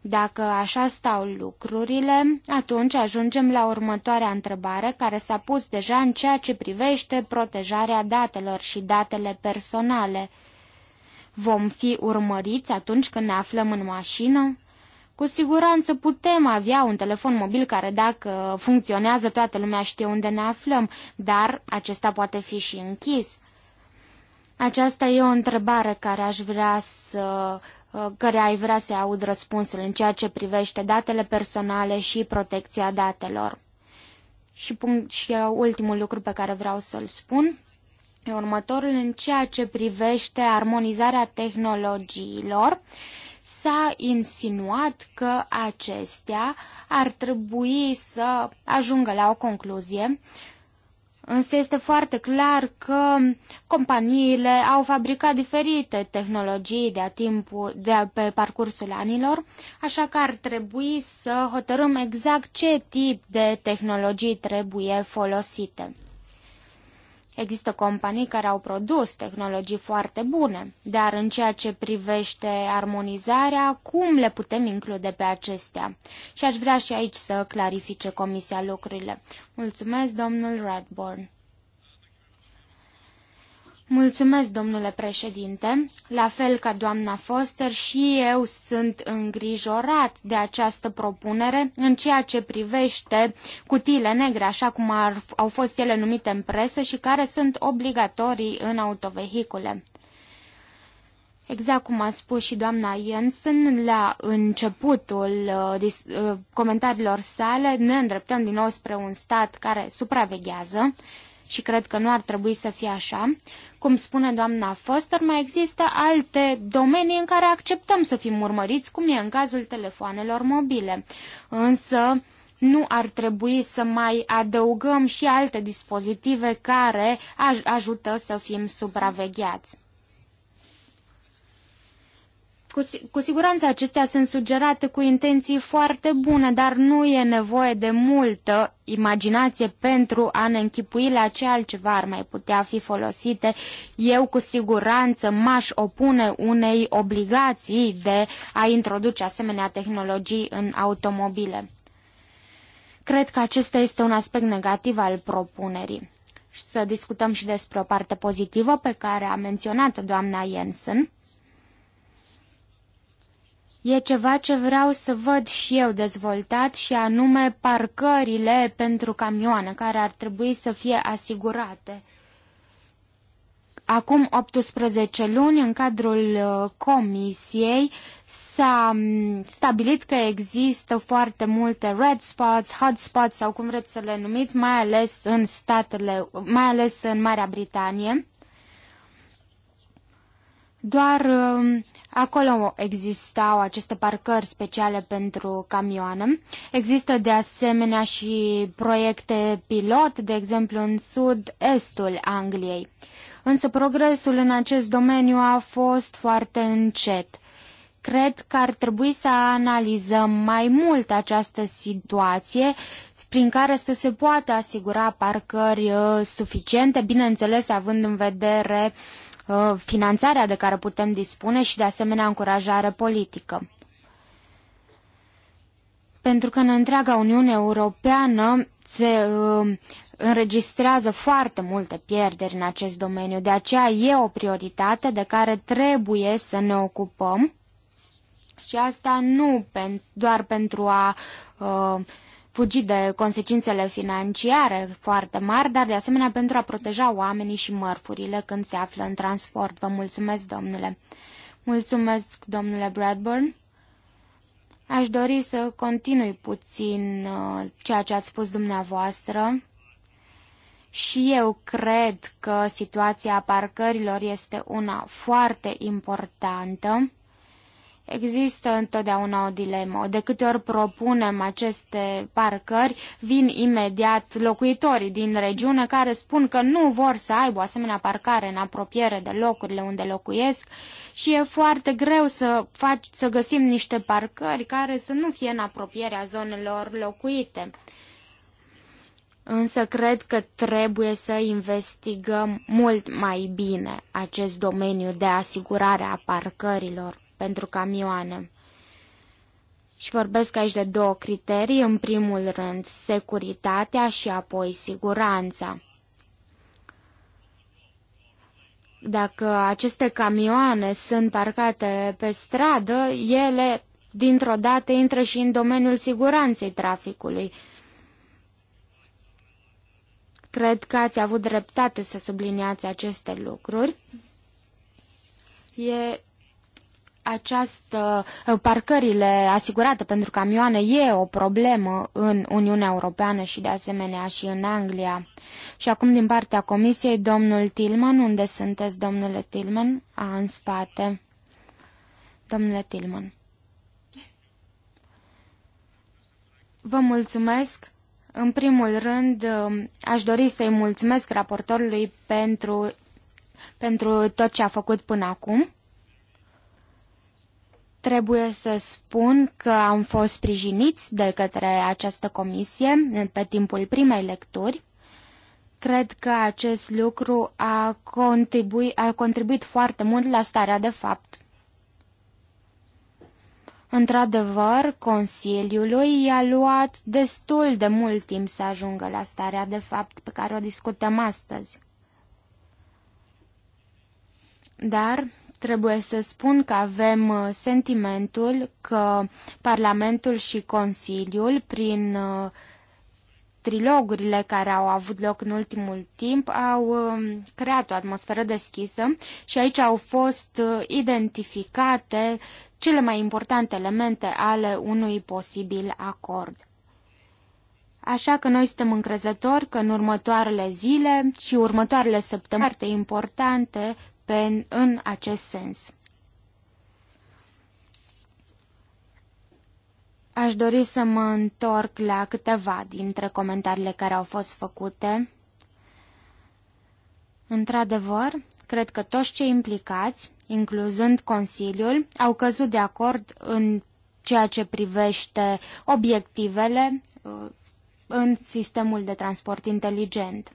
Dacă așa stau lucrurile, atunci ajungem la următoarea întrebare care s-a pus deja în ceea ce privește protejarea datelor și datele personale. Vom fi urmăriți atunci când ne aflăm în mașină? Cu siguranță putem avea un telefon mobil care dacă funcționează toată lumea știe unde ne aflăm, dar acesta poate fi și închis. Aceasta e o întrebare care aș vrea să Uh, care ai vrea să aud răspunsul în ceea ce privește datele personale și protecția datelor. Și, punct, și uh, ultimul lucru pe care vreau să-l spun e următorul în ceea ce privește armonizarea tehnologiilor. S-a insinuat că acestea ar trebui să ajungă la o concluzie Însă este foarte clar că companiile au fabricat diferite tehnologii de-a timpul, de pe parcursul anilor, așa că ar trebui să hotărâm exact ce tip de tehnologii trebuie folosite. Există companii care au produs tehnologii foarte bune, dar în ceea ce privește armonizarea, cum le putem include pe acestea? Și aș vrea și aici să clarifice Comisia lucrurile. Mulțumesc, domnul Radborn. Mulțumesc, domnule președinte. La fel ca doamna Foster și eu sunt îngrijorat de această propunere în ceea ce privește cutiile negre, așa cum ar, au fost ele numite în presă și care sunt obligatorii în autovehicule. Exact cum a spus și doamna Jensen, la începutul uh, uh, comentariilor sale ne îndreptăm din nou spre un stat care supraveghează și cred că nu ar trebui să fie așa. Cum spune doamna Foster, mai există alte domenii în care acceptăm să fim urmăriți, cum e în cazul telefoanelor mobile. Însă nu ar trebui să mai adăugăm și alte dispozitive care aj ajută să fim supravegheați. Cu, cu siguranță acestea sunt sugerate cu intenții foarte bune, dar nu e nevoie de multă imaginație pentru a ne închipui la ce altceva ar mai putea fi folosite. Eu cu siguranță m-aș opune unei obligații de a introduce asemenea tehnologii în automobile. Cred că acesta este un aspect negativ al propunerii. Și să discutăm și despre o parte pozitivă pe care a menționat-o doamna Jensen. E ceva ce vreau să văd și eu dezvoltat și anume parcările pentru camioane care ar trebui să fie asigurate. Acum 18 luni, în cadrul uh, comisiei, s-a mm, stabilit că există foarte multe red spots, hot spots sau cum vreți să le numiți, mai ales în statele, mai ales în Marea Britanie. Doar um, acolo existau aceste parcări speciale pentru camioane. Există de asemenea și proiecte pilot, de exemplu în sud-estul Angliei. Însă progresul în acest domeniu a fost foarte încet. Cred că ar trebui să analizăm mai mult această situație prin care să se poată asigura parcări uh, suficiente, bineînțeles având în vedere Uh, finanțarea de care putem dispune și de asemenea încurajare politică. Pentru că în întreaga Uniune Europeană se uh, înregistrează foarte multe pierderi în acest domeniu. De aceea e o prioritate de care trebuie să ne ocupăm și asta nu doar pentru a uh, fugi de consecințele financiare foarte mari, dar de asemenea pentru a proteja oamenii și mărfurile când se află în transport. Vă mulțumesc, domnule. Mulțumesc, domnule Bradburn. Aș dori să continui puțin uh, ceea ce ați spus dumneavoastră. Și eu cred că situația parcărilor este una foarte importantă. Există întotdeauna o dilemă. De câte ori propunem aceste parcări, vin imediat locuitorii din regiune care spun că nu vor să aibă o asemenea parcare în apropiere de locurile unde locuiesc și e foarte greu să, faci, să găsim niște parcări care să nu fie în apropierea zonelor locuite. Însă cred că trebuie să investigăm mult mai bine acest domeniu de asigurare a parcărilor pentru camioane. Și vorbesc aici de două criterii, în primul rând securitatea și apoi siguranța. Dacă aceste camioane sunt parcate pe stradă, ele dintr-o dată intră și în domeniul siguranței traficului. Cred că ați avut dreptate să subliniați aceste lucruri. E această uh, parcările asigurate pentru camioane e o problemă în Uniunea Europeană și de asemenea și în Anglia. Și acum din partea Comisiei, domnul Tilman, unde sunteți, domnule Tilman? A, în spate. Domnule Tilman. Vă mulțumesc. În primul rând, um, aș dori să-i mulțumesc raportorului pentru, pentru tot ce a făcut până acum. Trebuie să spun că am fost sprijiniți de către această comisie pe timpul primei lecturi. Cred că acest lucru a, contribui, a contribuit foarte mult la starea de fapt. Într-adevăr, Consiliului i-a luat destul de mult timp să ajungă la starea de fapt pe care o discutăm astăzi. Dar Trebuie să spun că avem uh, sentimentul că Parlamentul și Consiliul, prin uh, trilogurile care au avut loc în ultimul timp, au um, creat o atmosferă deschisă și aici au fost uh, identificate cele mai importante elemente ale unui posibil acord. Așa că noi suntem încrezători că în următoarele zile și următoarele săptămâni foarte importante Pen în acest sens. Aș dori să mă întorc la câteva dintre comentariile care au fost făcute. Într-adevăr, cred că toți cei implicați, incluzând Consiliul, au căzut de acord în ceea ce privește obiectivele uh, în sistemul de transport inteligent.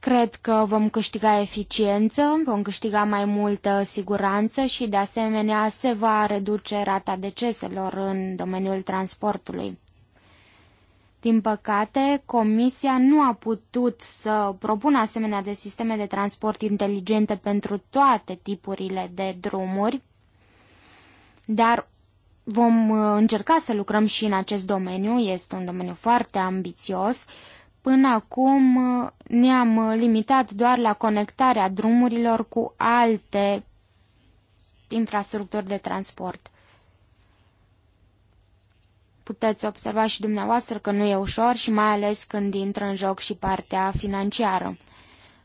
Cred că vom câștiga eficiență, vom câștiga mai multă siguranță și de asemenea se va reduce rata deceselor în domeniul transportului. Din păcate, Comisia nu a putut să propună asemenea de sisteme de transport inteligente pentru toate tipurile de drumuri, dar vom uh, încerca să lucrăm și în acest domeniu, este un domeniu foarte ambițios Până acum uh, ne-am uh, limitat doar la conectarea drumurilor cu alte infrastructuri de transport. Puteți observa și dumneavoastră că nu e ușor și mai ales când intră în joc și partea financiară.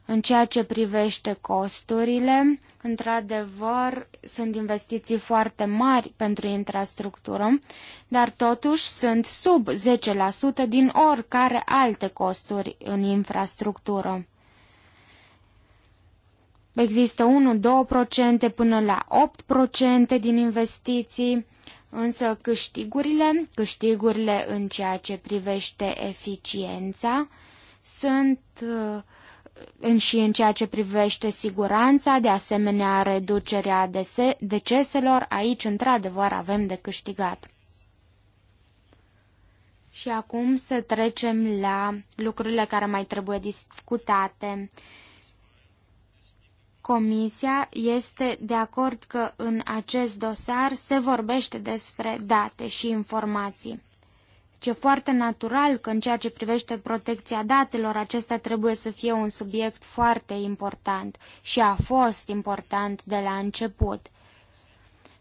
În ceea ce privește costurile, într-adevăr, sunt investiții foarte mari pentru infrastructură, dar totuși sunt sub 10% din oricare alte costuri în infrastructură. Există 1-2% până la 8% din investiții, însă câștigurile, câștigurile în ceea ce privește eficiența, sunt uh, și în ceea ce privește siguranța, de asemenea reducerea deceselor, aici într-adevăr avem de câștigat. Și acum să trecem la lucrurile care mai trebuie discutate. Comisia este de acord că în acest dosar se vorbește despre date și informații. E foarte natural că în ceea ce privește protecția datelor, acesta trebuie să fie un subiect foarte important și a fost important de la început.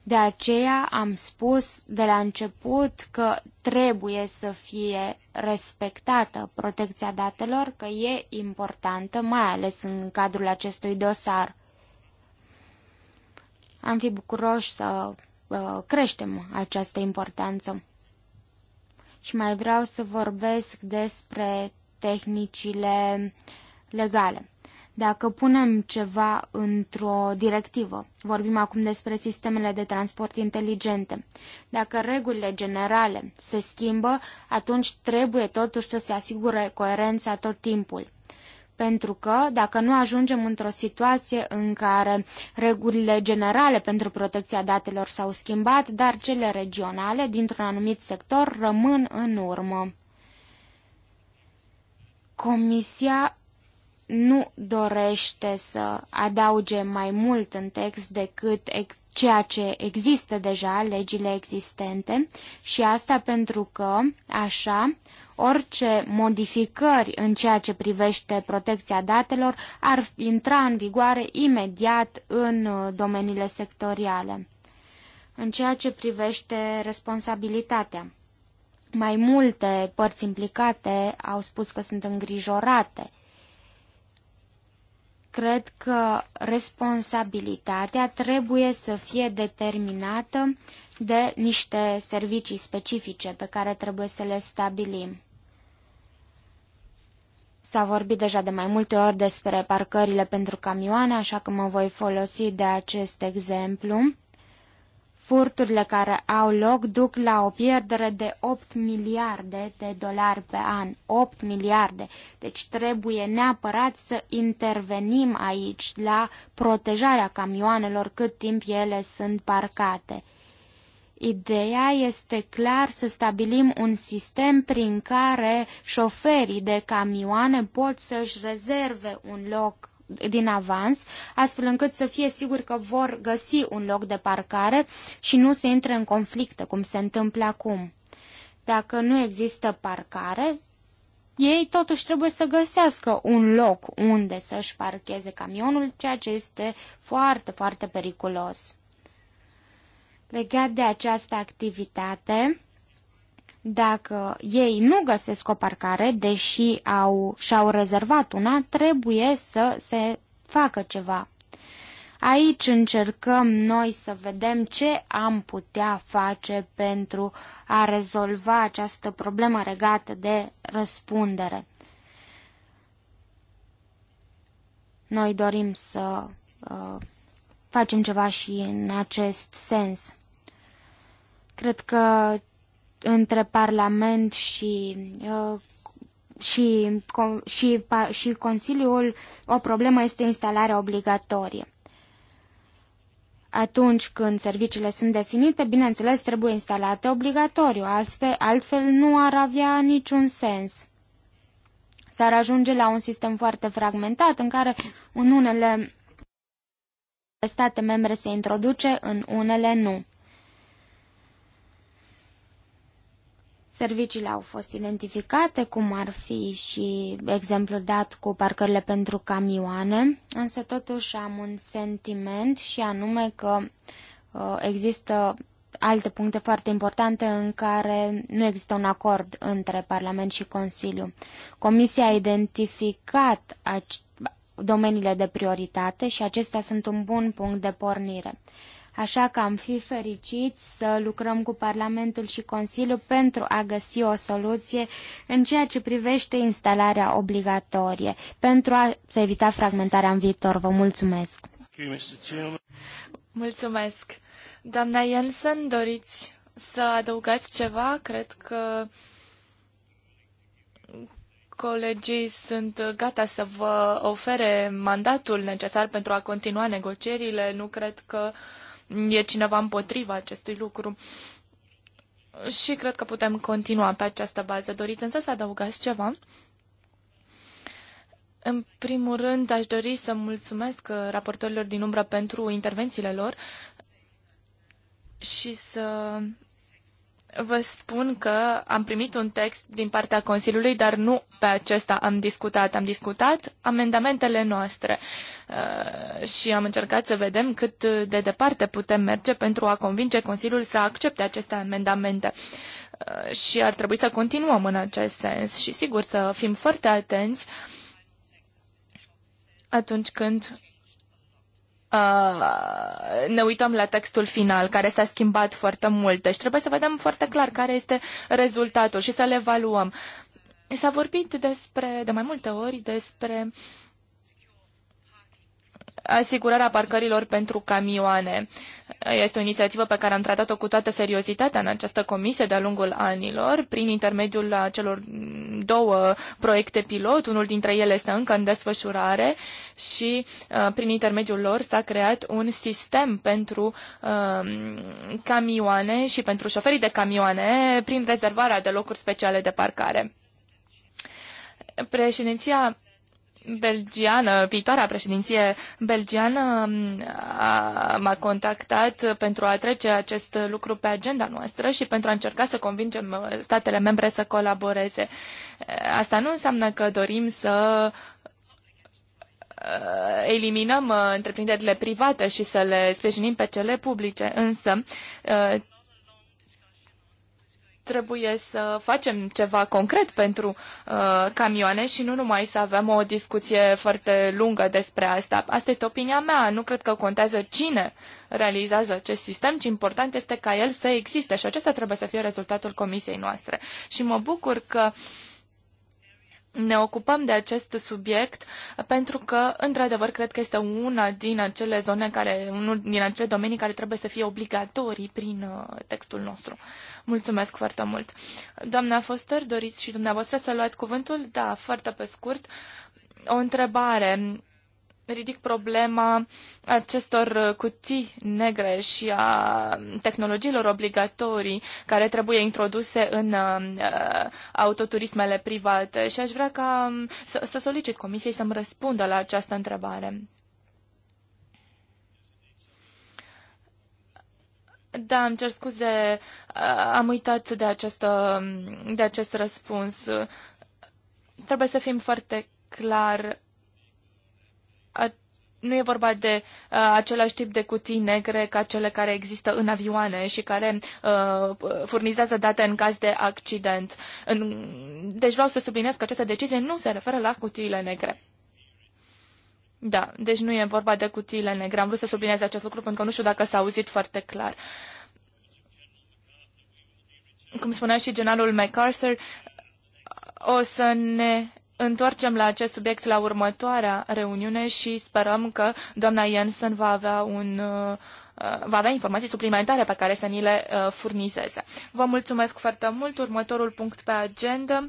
De aceea am spus de la început că trebuie să fie respectată protecția datelor, că e importantă, mai ales în cadrul acestui dosar. Am fi bucuroși să uh, creștem această importanță și mai vreau să vorbesc despre tehnicile legale. Dacă punem ceva într-o directivă, vorbim acum despre sistemele de transport inteligente, dacă regulile generale se schimbă, atunci trebuie totuși să se asigure coerența tot timpul pentru că dacă nu ajungem într-o situație în care regulile generale pentru protecția datelor s-au schimbat, dar cele regionale dintr-un anumit sector rămân în urmă. Comisia nu dorește să adauge mai mult în text decât ceea ce există deja, legile existente, și asta pentru că, așa, orice modificări în ceea ce privește protecția datelor ar intra în vigoare imediat în uh, domeniile sectoriale. În ceea ce privește responsabilitatea. Mai multe părți implicate au spus că sunt îngrijorate. Cred că responsabilitatea trebuie să fie determinată de niște servicii specifice pe care trebuie să le stabilim. S-a vorbit deja de mai multe ori despre parcările pentru camioane, așa că mă voi folosi de acest exemplu. Furturile care au loc duc la o pierdere de 8 miliarde de dolari pe an. 8 miliarde. Deci trebuie neapărat să intervenim aici la protejarea camioanelor cât timp ele sunt parcate. Ideea este clar să stabilim un sistem prin care șoferii de camioane pot să-și rezerve un loc din avans, astfel încât să fie sigur că vor găsi un loc de parcare și nu se intre în conflicte, cum se întâmplă acum. Dacă nu există parcare, ei totuși trebuie să găsească un loc unde să-și parcheze camionul, ceea ce este foarte, foarte periculos. Legat de această activitate, dacă ei nu găsesc o parcare, deși au, și-au rezervat una, trebuie să se facă ceva. Aici încercăm noi să vedem ce am putea face pentru a rezolva această problemă regată de răspundere. Noi dorim să uh, facem ceva și în acest sens. Cred că între Parlament și, uh, și, și, și Consiliul o problemă este instalarea obligatorie. Atunci când serviciile sunt definite, bineînțeles, trebuie instalate obligatoriu, altfel, altfel nu ar avea niciun sens s-ar ajunge la un sistem foarte fragmentat în care în unele state membre se introduce, în unele nu. Serviciile au fost identificate, cum ar fi și exemplul dat cu parcările pentru camioane, însă totuși am un sentiment și anume că uh, există alte puncte foarte importante în care nu există un acord între Parlament și Consiliu. Comisia a identificat domeniile de prioritate și acestea sunt un bun punct de pornire. Așa că am fi fericiți să lucrăm cu Parlamentul și Consiliul pentru a găsi o soluție în ceea ce privește instalarea obligatorie, pentru a să evita fragmentarea în viitor. Vă mulțumesc! Mulțumesc! Doamna Jensen, doriți să adăugați ceva? Cred că colegii sunt gata să vă ofere mandatul necesar pentru a continua negocierile. Nu cred că uh, e cineva împotriva acestui lucru. Și cred că putem continua pe această bază. Doriți însă să adăugați ceva? În primul rând, aș dori să mulțumesc uh, raportorilor din umbră pentru intervențiile lor și să vă spun că am primit un text din partea Consiliului, dar nu pe acesta am discutat. Am discutat amendamentele noastre uh, și am încercat să vedem cât de departe putem merge pentru a convinge Consiliul să accepte aceste amendamente. Uh, și ar trebui să continuăm în acest sens și sigur să fim foarte atenți atunci când Uh, ne uităm la textul final, care s-a schimbat foarte mult. Deci trebuie să vedem foarte clar care este rezultatul și să-l evaluăm. S-a vorbit despre, de mai multe ori despre uh, asigurarea parcărilor pentru camioane. Este o inițiativă pe care am tratat-o cu toată seriozitatea în această comisie de-a lungul anilor, prin intermediul celor două proiecte pilot, unul dintre ele este încă în desfășurare și uh, prin intermediul lor s-a creat un sistem pentru uh, camioane și pentru șoferii de camioane prin rezervarea de locuri speciale de parcare. Președinția belgiană, viitoarea președinție belgiană mm, m-a contactat pentru a trece acest lucru pe agenda noastră și pentru a încerca să convingem uh, statele membre să colaboreze. Uh, asta nu înseamnă că dorim să uh, eliminăm întreprinderile private și să le sprijinim pe cele publice, însă trebuie să facem ceva concret pentru uh, camioane și nu numai să avem o discuție foarte lungă despre asta. Asta este opinia mea. Nu cred că contează cine realizează acest sistem, ci important este ca el să existe și acesta trebuie să fie rezultatul comisiei noastre. Și mă bucur că uh, ne ocupăm de acest subiect pentru că, într-adevăr, cred că este una din acele zone care, unul din acele domenii care trebuie să fie obligatorii prin uh, textul nostru. Mulțumesc foarte mult. Doamna Foster, doriți și dumneavoastră să luați cuvântul? Da, foarte pe scurt. O întrebare ridic problema acestor cutii negre și a tehnologiilor obligatorii care trebuie introduse în uh, autoturismele private și aș vrea ca um, să, să solicit comisiei să-mi răspundă la această întrebare. Da, îmi cer scuze, uh, am uitat de, acest, de acest răspuns. Trebuie să fim foarte clar nu e vorba de uh, același tip de cutii negre ca cele care există în avioane și care uh, furnizează date în caz de accident. În... Deci vreau să subliniez că această decizie nu se referă la cutiile negre. Da, deci nu e vorba de cutiile negre. Am vrut să subliniez acest lucru pentru că nu știu dacă s-a auzit foarte clar. Cum spunea și generalul MacArthur, o să ne întoarcem la acest subiect la următoarea reuniune și sperăm că doamna Jensen va avea un uh, va avea informații suplimentare pe care să ni le uh, furnizeze. Vă mulțumesc foarte mult. Următorul punct pe agenda,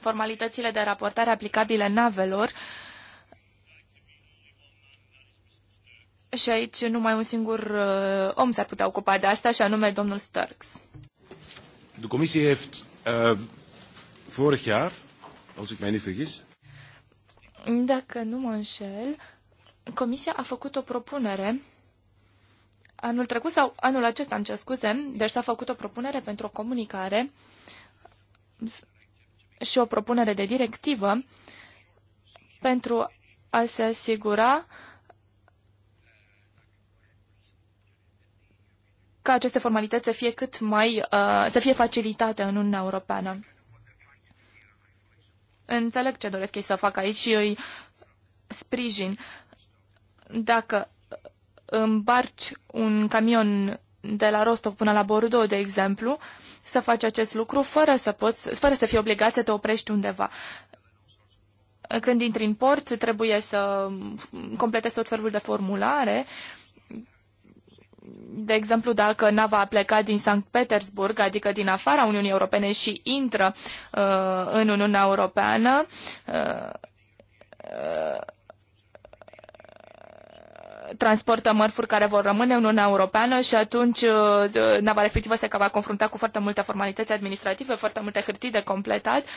formalitățile de raportare aplicabile navelor. Și aici numai un singur uh, om s-ar putea ocupa de asta, și anume domnul Sturks. De comisie heeft uh, vorig jaar als ik mij niet vergis. Dacă nu mă înșel, Comisia a făcut o propunere anul trecut sau anul acesta, îmi cer scuze, deci s-a făcut o propunere pentru o comunicare și o propunere de directivă pentru a se asigura ca aceste formalități să fie cât mai, uh, să fie facilitate în Uniunea Europeană. Înțeleg ce doresc ei să facă aici și îi sprijin. Dacă îmbarci un camion de la Rostov până la Bordeaux, de exemplu, să faci acest lucru fără să, poți, fără să fii obligat să te oprești undeva. Când intri în port, trebuie să completezi tot felul de formulare de exemplu, dacă nava a plecat din Sankt Petersburg, adică din afara Uniunii Europene și intră uh, în Uniunea Europeană, uh, uh transportă mărfuri care vor rămâne în Uniunea Europeană și atunci uh, nava respectivă se va confrunta cu foarte multe formalități administrative, foarte multe hârtii de completat. Uh,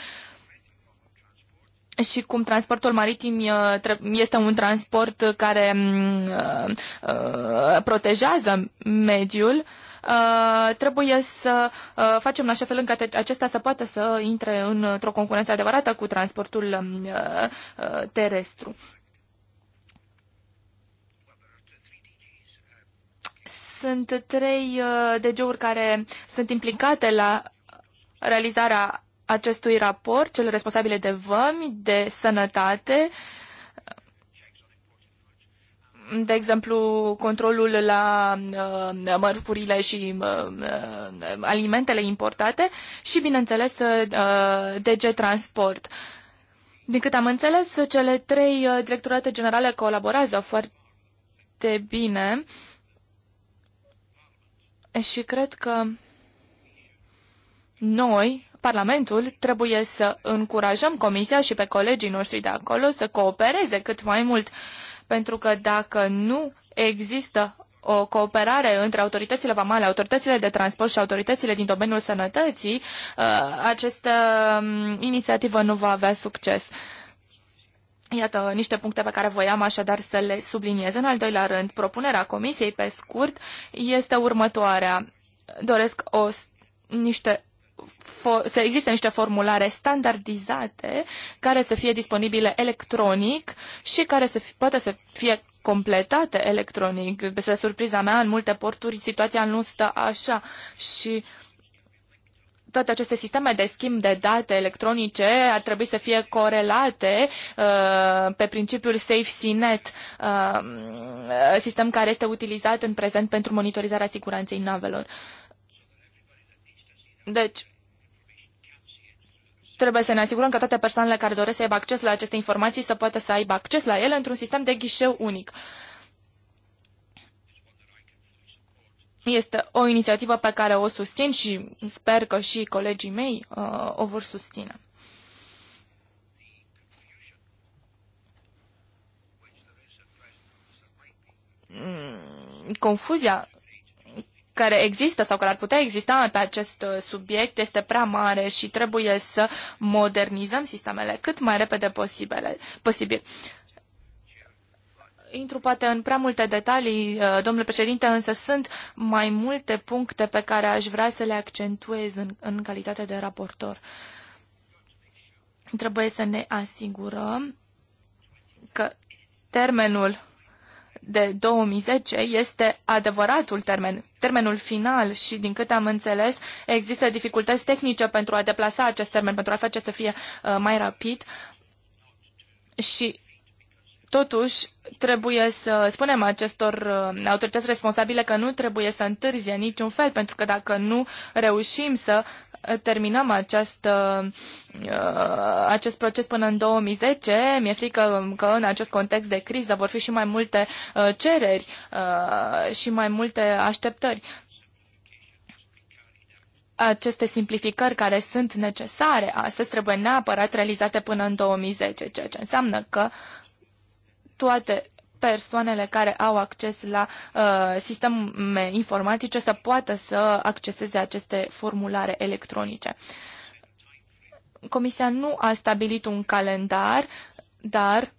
și cum transportul maritim uh, este un transport care mm, uh, uh, protejează mediul, trebuie să facem în așa fel încât acesta să poată să intre într-o concurență adevărată cu transportul mm, terestru. Sunt trei DG-uri care sunt implicate la realizarea acestui raport, cele responsabile de vămi, de sănătate, de exemplu, controlul la uh, mărfurile și uh, uh alimentele importate și, bineînțeles, uh, DG Transport. Din cât am înțeles, cele trei uh, directorate generale colaborează foarte bine și cred că noi, Parlamentul trebuie să încurajăm Comisia și pe colegii noștri de acolo să coopereze cât mai mult, pentru că dacă nu există o cooperare între autoritățile vamale, autoritățile de transport și autoritățile din domeniul sănătății, uh, această um, inițiativă nu va avea succes. Iată niște puncte pe care voiam așadar să le subliniez. În al doilea rând, propunerea Comisiei, pe scurt, este următoarea. Doresc o, niște să existe niște formulare standardizate care să fie disponibile electronic și care să fie, poate să fie completate electronic. Spre surpriza mea, în multe porturi situația nu stă așa și toate aceste sisteme de schimb de date electronice ar trebui să fie corelate uh, pe principiul SafeSeaNet, uh, sistem care este utilizat în prezent pentru monitorizarea siguranței navelor. Uh, deci, trebuie să ne asigurăm că toate persoanele care doresc să aibă acces la aceste informații să poată să aibă acces la ele într-un sistem de ghișeu unic. Este o inițiativă pe care o susțin și sper că și colegii mei uh, o vor susține. Mm, confuzia care există sau care ar putea exista pe acest uh, subiect este prea mare și trebuie să modernizăm sistemele cât mai repede posibil. posibil. Intru poate în prea multe detalii, uh, domnule președinte, însă sunt mai multe puncte pe care aș vrea să le accentuez în, în calitate de raportor. Trebuie să ne asigurăm că termenul de 2010 este adevăratul termen termenul final și, din câte am înțeles, există dificultăți tehnice pentru a deplasa acest termen, pentru a face să fie uh, mai rapid și Totuși, trebuie să spunem acestor uh, autorități responsabile că nu trebuie să întârzie niciun fel, pentru că dacă nu reușim să uh, terminăm acest uh, acest proces până în 2010, mi-e frică um, că în acest context de criză vor fi și mai multe cereri și mai multe așteptări aceste simplificări care sunt necesare astăzi trebuie neapărat realizate până în 2010, ceea ce înseamnă că toate persoanele care au acces la uh, sisteme informatice să poată să acceseze aceste formulare electronice. Comisia nu a stabilit un calendar, dar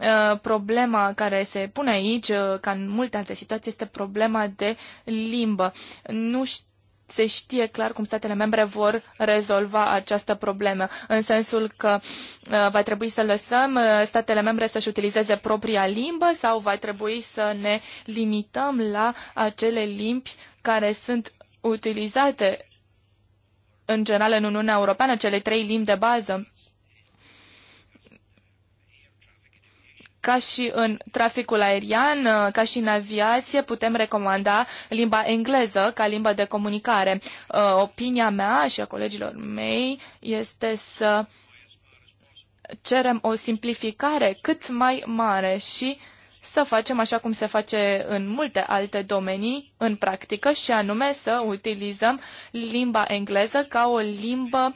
uh, problema care se pune aici, uh, ca în multe alte situații, este problema de limbă. Nu știu se știe clar cum statele membre vor rezolva această problemă, în sensul că uh, va trebui să lăsăm uh, statele membre să-și utilizeze propria limbă sau va trebui să ne limităm la acele limbi care sunt utilizate în general în Uniunea Europeană, cele trei limbi de bază ca și în traficul aerian, uh, ca și în aviație, putem recomanda limba engleză ca limbă de comunicare. Uh, opinia mea și a colegilor mei este să cerem o simplificare cât mai mare și să facem așa cum se face în multe alte domenii în practică și anume să utilizăm limba engleză ca o limbă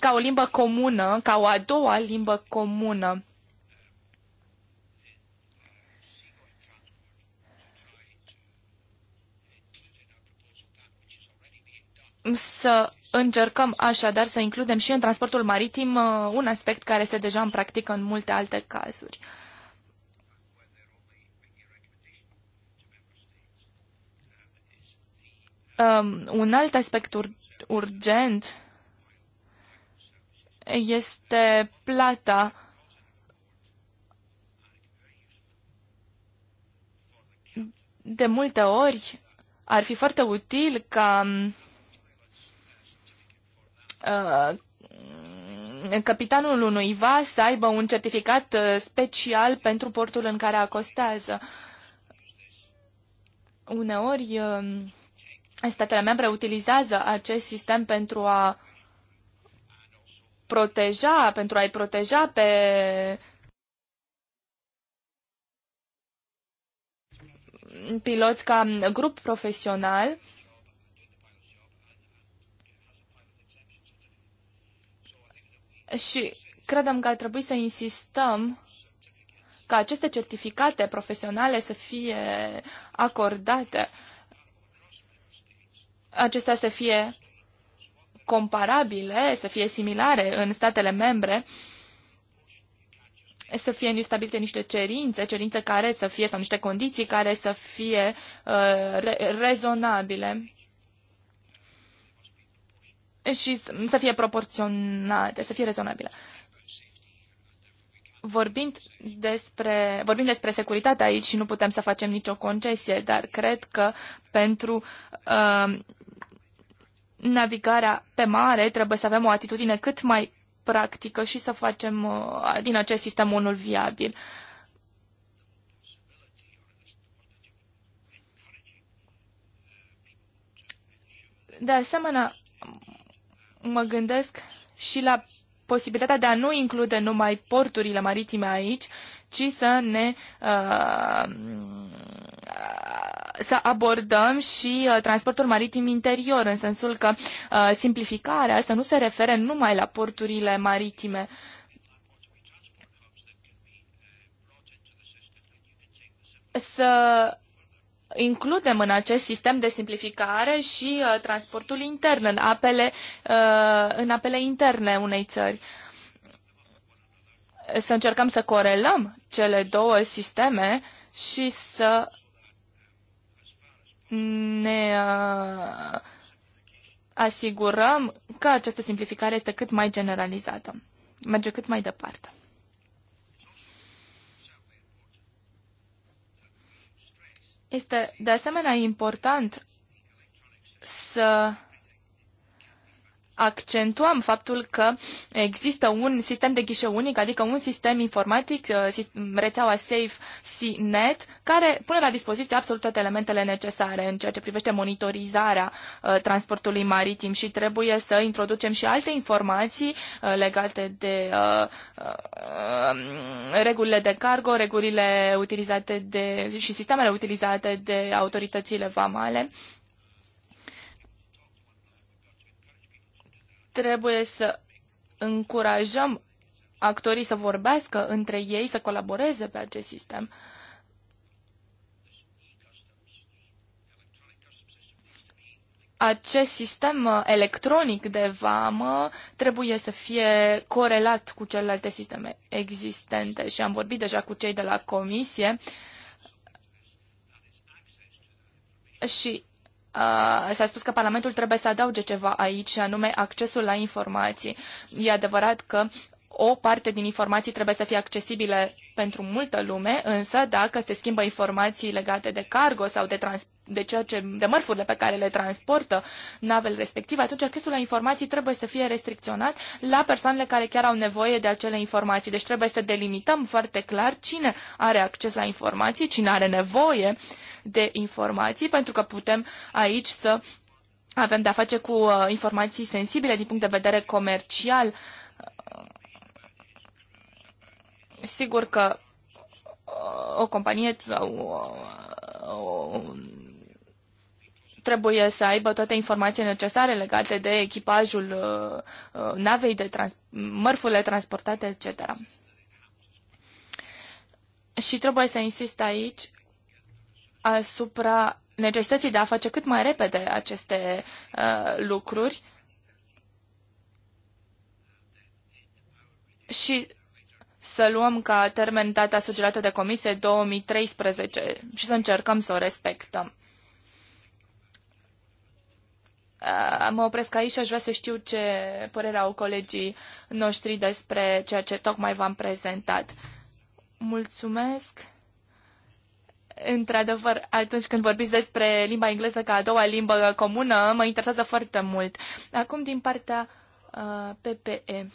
ca o limbă comună, ca o a doua limbă comună să încercăm așadar să includem și în transportul maritim uh, un aspect care se deja în practică în multe alte cazuri. Um, un alt aspect ur- urgent este plata de multe ori ar fi foarte util ca um, Uh, capitanul unui vas să aibă un certificat uh, special pentru portul în care acostează. Uneori, uh, statele membre utilizează acest sistem pentru a proteja, pentru a-i proteja pe piloți ca grup profesional și credem că ar trebui să insistăm ca aceste certificate profesionale să fie acordate, acestea să fie comparabile, să fie similare în statele membre, să fie stabilite niște cerințe, cerințe care să fie, sau niște condiții care să fie uh, re- rezonabile și să fie proporționate, să fie rezonabile. Vorbind despre, vorbind despre securitate aici și nu putem să facem nicio concesie, dar cred că pentru uh, navigarea pe mare trebuie să avem o atitudine cât mai practică și să facem uh, din acest sistem unul viabil. De asemenea, mă gândesc și la posibilitatea de a nu include numai porturile maritime aici, ci să ne uh, să abordăm și uh, transportul maritim interior, în sensul că uh, simplificarea să nu se refere numai la porturile maritime. Să includem în acest sistem de simplificare și uh, transportul intern în apele, uh, în apele interne unei țări. Să încercăm să corelăm cele două sisteme și să ne uh, asigurăm că această simplificare este cât mai generalizată. Merge cât mai departe. Este de asemenea important să accentuăm faptul că există un sistem de ghișe unic, adică un sistem informatic, uh, rețeaua Safe SeaNet, care pune la dispoziție absolut toate elementele necesare în ceea ce privește monitorizarea uh, transportului maritim și trebuie să introducem și alte informații uh, legate de um, regulile de cargo, regulile utilizate de, și sistemele utilizate de autoritățile vamale. Trebuie să încurajăm actorii să vorbească între ei, să colaboreze pe acest sistem. Acest sistem uh, electronic de vamă trebuie să fie corelat cu celelalte sisteme existente și am vorbit deja cu cei de la comisie și Uh, s-a spus că Parlamentul trebuie să adauge ceva aici, și anume accesul la informații. E adevărat că o parte din informații trebuie să fie accesibile pentru multă lume, însă dacă se schimbă informații legate de cargo sau de, trans- de, ceea ce, de mărfurile pe care le transportă navele respective, atunci accesul la informații trebuie să fie restricționat la persoanele care chiar au nevoie de acele informații. Deci trebuie să delimităm foarte clar cine are acces la informații, cine are nevoie uh, de informații, pentru că putem aici să avem de-a face cu uh, informații sensibile din punct de vedere comercial. Sigur că uh, o companie sau uh, o, trebuie să aibă toate informațiile necesare legate de echipajul navei, de trans- mărfurile transportate, etc. Și trebuie să insist aici asupra necesității de a face cât mai repede aceste uh, lucruri și să luăm ca termen data sugerată de comisie 2013 și să încercăm să o respectăm. Uh, mă opresc aici și aș vrea să știu ce părere au colegii noștri despre ceea ce tocmai v-am prezentat. Mulțumesc! într-adevăr, atunci când vorbiți despre limba engleză ca a doua limbă comună, mă interesează foarte mult. Acum, din partea uh, PPE.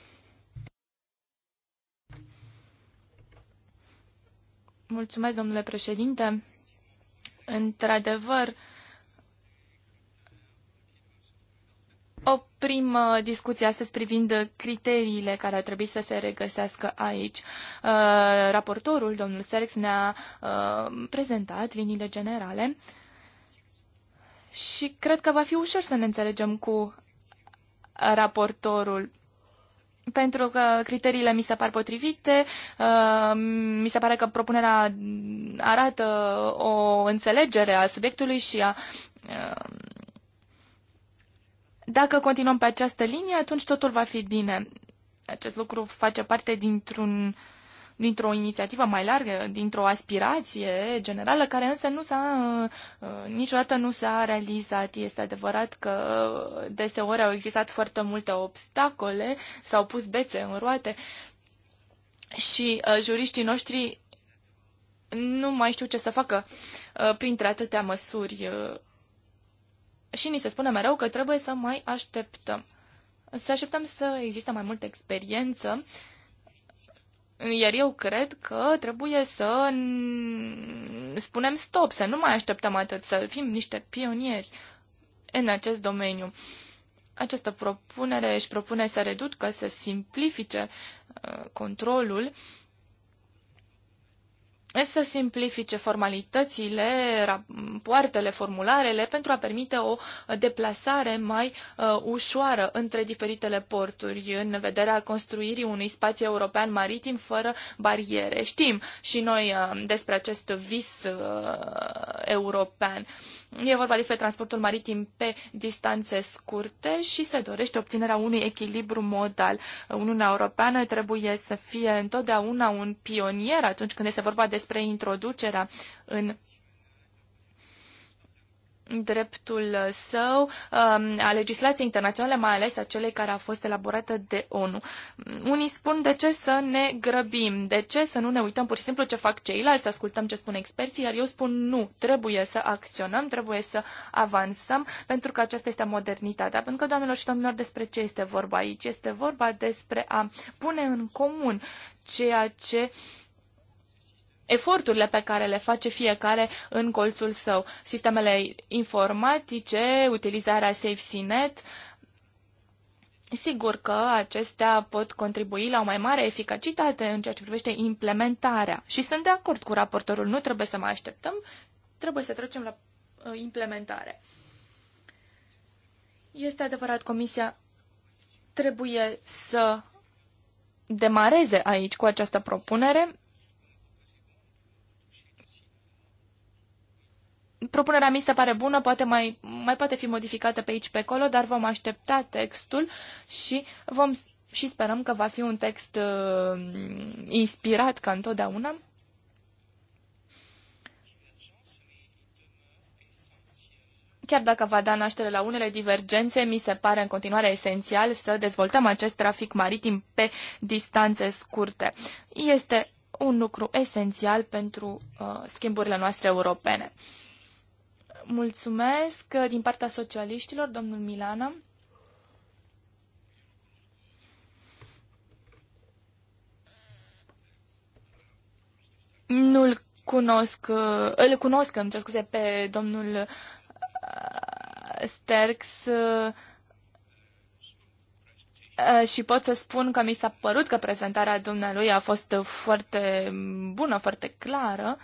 Mulțumesc, domnule președinte. Într-adevăr, uh, oprim uh, discuția astăzi privind criteriile care ar trebui să se regăsească aici. Uh, raportorul, domnul Serex, ne-a uh, prezentat liniile generale și cred că va fi ușor să ne înțelegem cu raportorul pentru că criteriile mi se par potrivite, mi se pare că propunerea arată o înțelegere a subiectului și a dacă continuăm pe această linie, atunci totul va fi bine. Acest lucru face parte dintr-un, dintr-o inițiativă mai largă, dintr-o aspirație generală, care însă nu s-a, uh, niciodată nu s-a realizat. Este adevărat că deseori au existat foarte multe obstacole, s-au pus bețe în roate și uh, juriștii noștri nu mai știu ce să facă uh, printre atâtea măsuri și ni se spune mereu că trebuie să mai așteptăm. Să așteptăm să existe mai multă experiență, iar eu cred că trebuie să spunem stop, să nu mai așteptăm atât, să fim niște pionieri în acest domeniu. Această propunere își propune să reducă, să simplifice uh, controlul este să simplifice formalitățile, poartele, formularele pentru a permite o deplasare mai uh, ușoară între diferitele porturi în vederea construirii unui spațiu european maritim fără bariere. Știm și noi uh, despre acest vis uh, european. E vorba despre transportul maritim pe distanțe scurte și se dorește obținerea unui echilibru modal. Uniunea Europeană trebuie să fie întotdeauna un pionier atunci când este vorba despre despre introducerea în dreptul său um, a legislației internaționale, mai ales a celei care a fost elaborată de ONU. Unii spun de ce să ne grăbim, de ce să nu ne uităm pur și simplu ce fac ceilalți, să ascultăm ce spun experții, iar eu spun nu, trebuie să acționăm, trebuie să avansăm, pentru că aceasta este modernitatea. Pentru că, doamnelor și domnilor, despre ce este vorba aici? Este vorba despre a pune în comun ceea ce uh, eforturile pe care le face fiecare în colțul său. Sistemele informatice, utilizarea SafeCNet, sigur că acestea pot contribui la o mai mare eficacitate în ceea ce privește implementarea. Și sunt de acord cu raportorul, nu trebuie să mai așteptăm, trebuie să trecem la uh, implementare. Este adevărat, Comisia trebuie să demareze aici cu această propunere Propunerea mi se pare bună, poate mai, mai poate fi modificată pe aici, pe acolo, dar vom aștepta textul și vom și sperăm că va fi un text uh, inspirat ca întotdeauna. Chiar dacă va da naștere la unele divergențe, mi se pare în continuare esențial să dezvoltăm acest trafic maritim pe distanțe scurte. Este un lucru esențial pentru uh, schimburile noastre europene. Mulțumesc uh, din partea socialiștilor, domnul Milana. Nu-l cunosc, uh, îl cunosc, îmi cer scuze, pe domnul uh, Sterx și pot să spun că mi s-a părut că prezentarea dumnealui a fost foarte bună, foarte clară. Uh,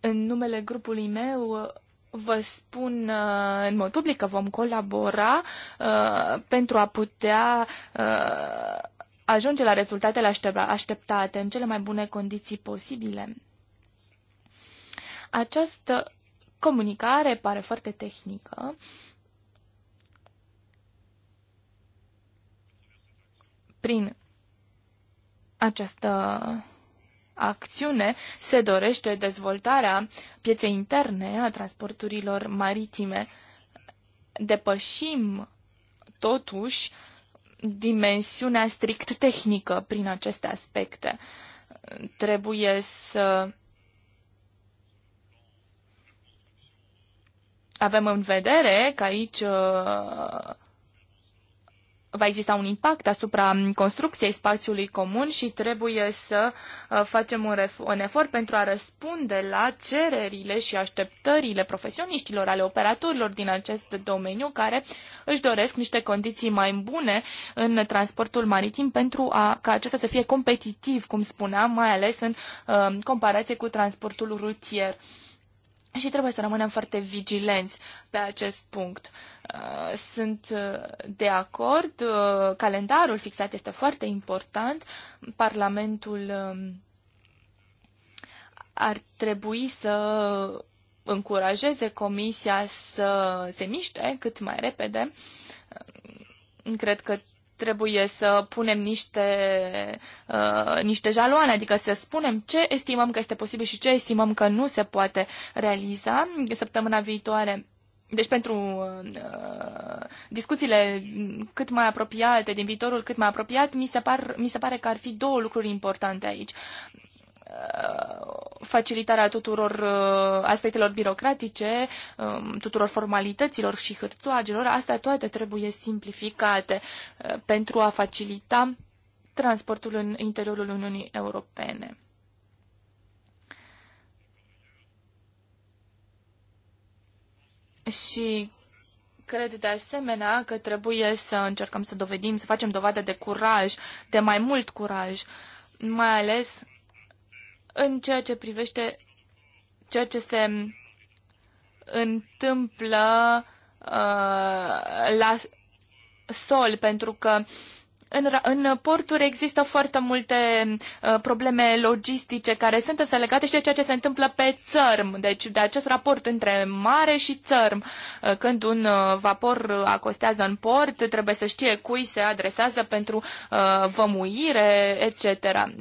în numele grupului meu uh, vă spun uh, în mod public că vom colabora uh, pentru a putea uh, ajunge la rezultatele așteptate în cele mai bune condiții posibile. Această comunicare pare foarte tehnică. Prin această acțiune se dorește dezvoltarea pieței interne a transporturilor maritime. Depășim totuși dimensiunea strict tehnică prin aceste aspecte. Trebuie să avem în vedere că aici uh, va exista un impact asupra mm, construcției spațiului comun și trebuie să uh, facem un, un efort pentru a răspunde la cererile și așteptările profesioniștilor, ale operatorilor din acest domeniu care își doresc niște condiții mai bune în transportul maritim pentru a, ca acesta să fie competitiv, cum spuneam, mai ales în uh, comparație cu transportul rutier. Și trebuie să rămânem foarte vigilenți pe acest punct. Uh, Uh, sunt uh, de acord. Uh, calendarul fixat este foarte important. Parlamentul um, ar trebui să încurajeze Comisia să se miște cât mai repede. Cred că trebuie să punem niște, uh, niște jaloane, adică să spunem ce estimăm că este posibil și ce estimăm că nu se poate realiza. Săptămâna viitoare deci pentru uh, discuțiile cât mai apropiate, din viitorul cât mai apropiat, mi se, par, mi se pare că ar fi două lucruri importante aici. Uh, facilitarea tuturor uh, aspectelor birocratice, uh, tuturor formalităților și hârtoagelor, astea toate trebuie simplificate uh, pentru a facilita transportul în interiorul Uniunii Europene. Și cred de asemenea că trebuie să încercăm să dovedim, să facem dovadă de curaj, de mai mult curaj, mai ales în ceea ce privește ceea ce se întâmplă uh, la sol, pentru că în, în porturi există foarte multe uh, probleme logistice care sunt însă legate și de ceea ce se întâmplă pe țărm, deci de acest raport între mare și țărm. Uh, când un uh, vapor uh, acostează în port, trebuie să știe cui se adresează pentru uh, vămuire, etc.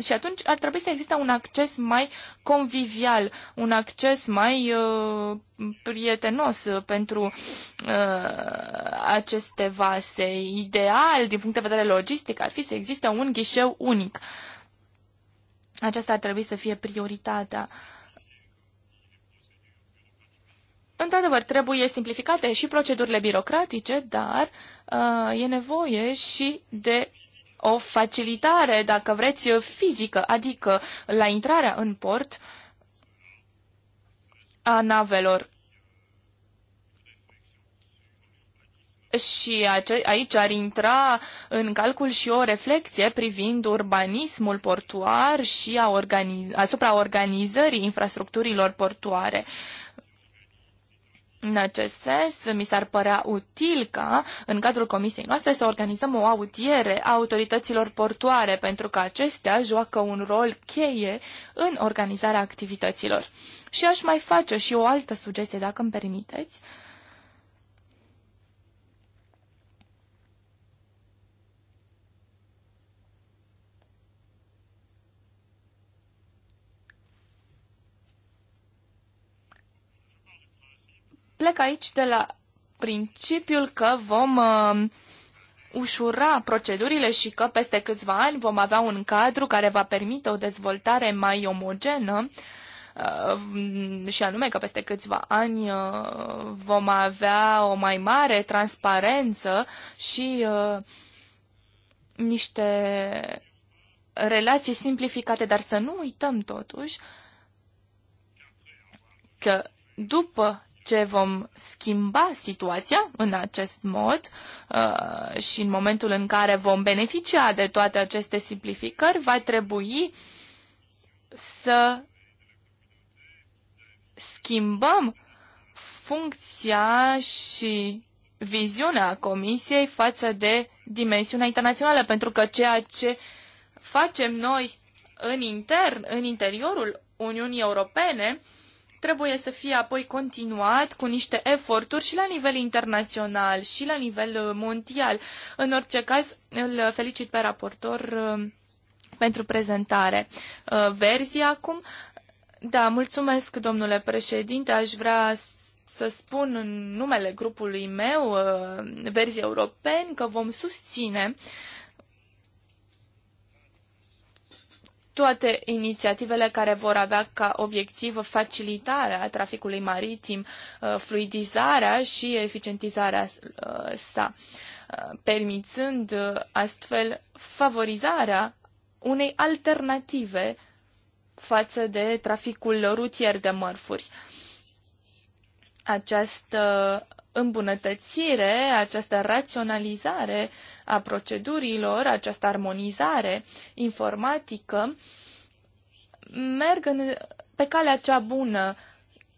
Și atunci ar trebui să existe un acces mai convivial, un acces mai uh, prietenos uh, pentru uh, aceste vase, ideal din punct de vedere logistic, statistic ar fi să existe un ghișeu unic. Aceasta ar trebui să fie prioritatea. Într-adevăr, trebuie simplificate și procedurile birocratice, dar uh, e nevoie și de o facilitare, dacă vreți, fizică, adică la intrarea în port a navelor și aici ar intra în calcul și o reflecție privind urbanismul portuar și a organiz- asupra organizării infrastructurilor portuare. În acest sens, mi s-ar părea util ca, în cadrul comisiei noastre, să organizăm o audiere a autorităților portoare, pentru că acestea joacă un rol cheie în organizarea activităților. Și aș mai face și o altă sugestie, dacă îmi permiteți. Uh, Plec aici de la principiul că vom uh, ușura procedurile și că peste câțiva ani vom avea un cadru care va permite o dezvoltare mai omogenă uh, și anume că peste câțiva ani uh, vom avea o mai mare transparență și uh, niște relații simplificate, dar să nu uităm totuși că după ce vom schimba situația în acest mod uh, și în momentul în care vom beneficia de toate aceste simplificări, va trebui să schimbăm funcția și viziunea Comisiei față de dimensiunea internațională, pentru că ceea ce facem noi în intern, în interiorul Uniunii Europene, uh, trebuie să fie apoi continuat cu niște eforturi și la nivel internațional și la nivel uh, mondial. În orice caz, îl felicit pe raportor uh, pentru prezentare. Uh, verzi acum. Da, mulțumesc, domnule președinte. Aș vrea să spun în numele grupului meu, Verzi Europeni, că vom susține uh, toate inițiativele care vor avea ca obiectiv facilitarea traficului maritim, uh, fluidizarea și eficientizarea uh, sa, uh, permițând astfel favorizarea unei alternative față de traficul rutier de mărfuri. Această îmbunătățire, această raționalizare a procedurilor, această armonizare informatică, merg în, pe calea cea bună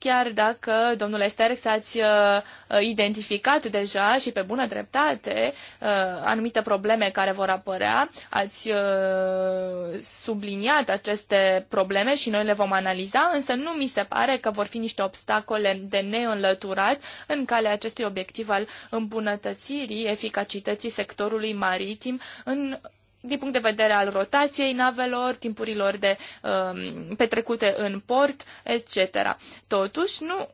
chiar dacă, domnule Sterx, ați uh, identificat deja și pe bună dreptate uh, anumite probleme care vor apărea, ați uh, subliniat aceste probleme și noi le vom analiza, însă nu mi se pare că vor fi niște obstacole de neînlăturat în calea acestui obiectiv al îmbunătățirii eficacității sectorului maritim în din punct de vedere al rotației navelor, timpurilor de uh, petrecute în port, etc. Totuși, nu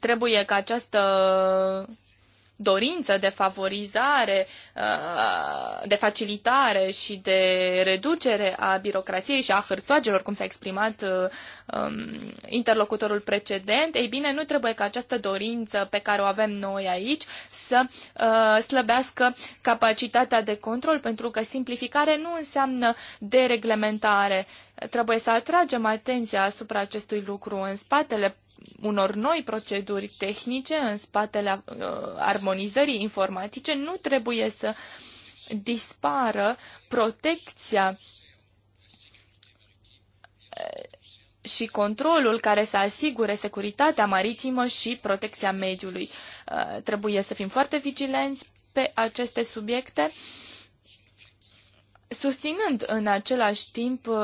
trebuie ca această dorință de favorizare, uh, de facilitare și de reducere a birocrației și a hârțoagelor, cum s-a exprimat uh, um, interlocutorul precedent, ei bine, nu trebuie ca această dorință pe care o avem noi aici să uh, slăbească capacitatea de control, pentru că simplificare nu înseamnă dereglementare. Trebuie să atragem atenția asupra acestui lucru în spatele unor noi proceduri tehnice în spatele uh, armonizării informatice, nu trebuie să dispară protecția uh, și controlul care să asigure securitatea maritimă și protecția mediului. Uh, trebuie să fim foarte vigilenți pe aceste subiecte, susținând în același timp uh,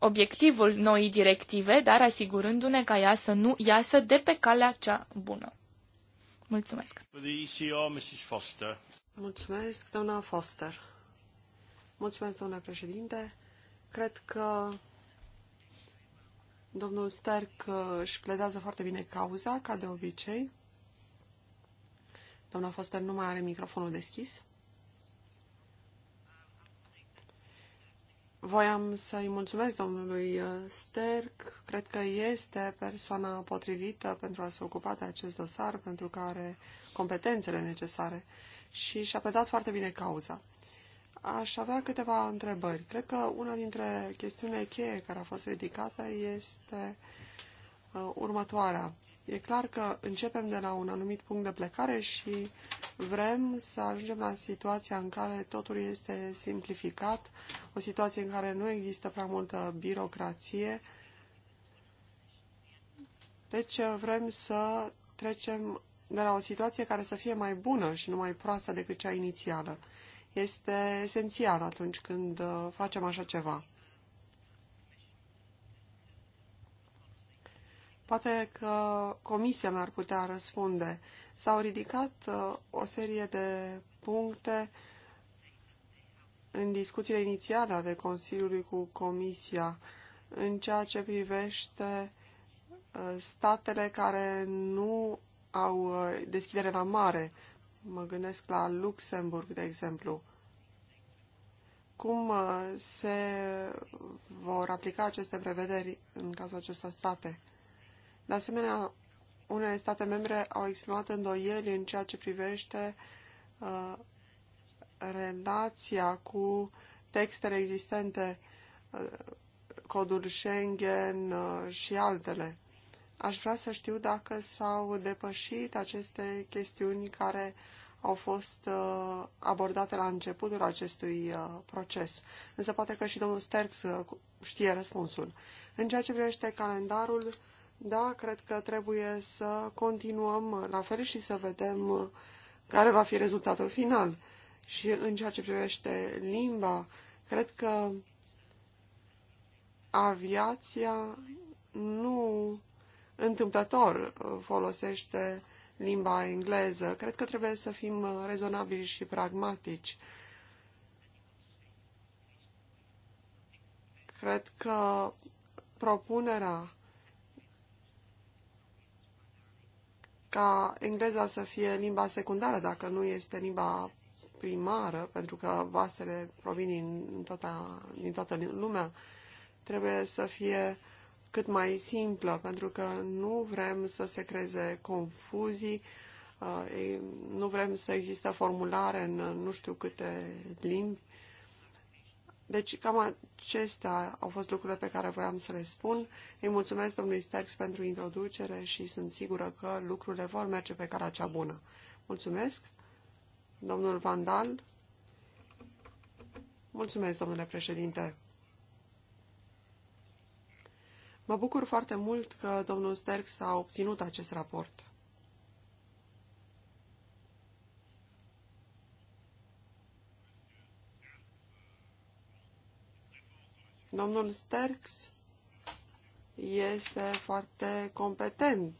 obiectivul noii directive, dar asigurându-ne ca ea să nu iasă de pe calea cea bună. Mulțumesc. Mulțumesc, doamna Foster. Mulțumesc, doamna președinte. Cred că domnul Sterk uh, își pledează foarte bine cauza, ca de obicei. Doamna Foster nu mai are microfonul deschis. Voiam să-i mulțumesc domnului uh, Sterk. Cred că este persoana potrivită pentru a se ocupa de acest dosar, pentru că are competențele necesare și și-a predat foarte bine cauza. Aș avea câteva întrebări. Cred că una dintre chestiunile cheie care a fost ridicată este uh, următoarea. E clar că începem de la un anumit punct de plecare și Vrem să ajungem la situația în care totul este simplificat, o situație în care nu există prea multă birocrație. Deci vrem să trecem de la o situație care să fie mai bună și nu mai proastă decât cea inițială. Este esențial atunci când uh, facem așa ceva. Poate că comisia mi-ar putea răspunde. S-au ridicat uh, o serie de puncte în discuțiile inițiale ale Consiliului cu Comisia în ceea ce privește uh, statele care nu au uh, deschidere la mare. Mă gândesc la Luxemburg, de exemplu. Cum se vor aplica aceste prevederi în cazul acestor state? De asemenea, unele state membre au exprimat îndoieli în ceea ce privește uh, relația cu textele existente, uh, codul Schengen uh, și altele. Aș vrea să știu dacă s-au depășit aceste chestiuni care au fost uh, abordate la începutul acestui uh, proces. Însă poate că și domnul Sterx uh, știe răspunsul. În ceea ce privește calendarul, uh, da, cred că trebuie să continuăm la fel și să vedem uh, care va fi rezultatul final. Și în ceea ce privește limba, cred că aviația nu întâmplător uh, folosește limba engleză. Cred că trebuie să fim uh, rezonabili și pragmatici. Cred că propunerea ca engleza să fie limba secundară, dacă nu este limba primară, pentru că vasele provin din toată, din toată lumea, trebuie să fie cât mai simplă, pentru că nu vrem să se creeze confuzii, uh, nu vrem să există formulare în nu știu câte limbi, deci cam acestea au fost lucrurile pe care voiam să le spun. Îi mulțumesc domnului Stex pentru introducere și sunt sigură că lucrurile vor merge pe calea cea bună. Mulțumesc. Domnul Vandal. Mulțumesc, domnule președinte. Mă bucur foarte mult că domnul Sterx a obținut acest raport. Domnul Sterks este foarte competent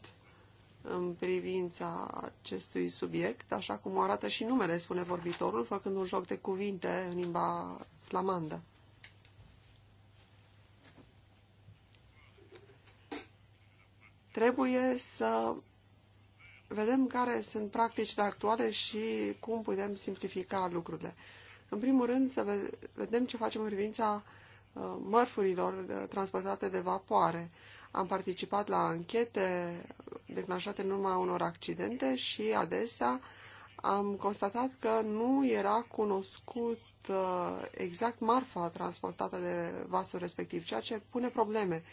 în privința acestui subiect, așa cum arată și numele, spune vorbitorul, făcând un joc de cuvinte în limba flamandă. Trebuie să vedem care sunt practicile actuale și cum putem simplifica lucrurile. În primul rând, să vedem ce facem în privința Uh, mărfurilor uh, transportate de vapoare. Am participat la anchete declanșate în urma unor accidente și adesea am constatat că nu era cunoscut uh, exact marfa transportată de vasul respectiv, ceea ce pune probleme.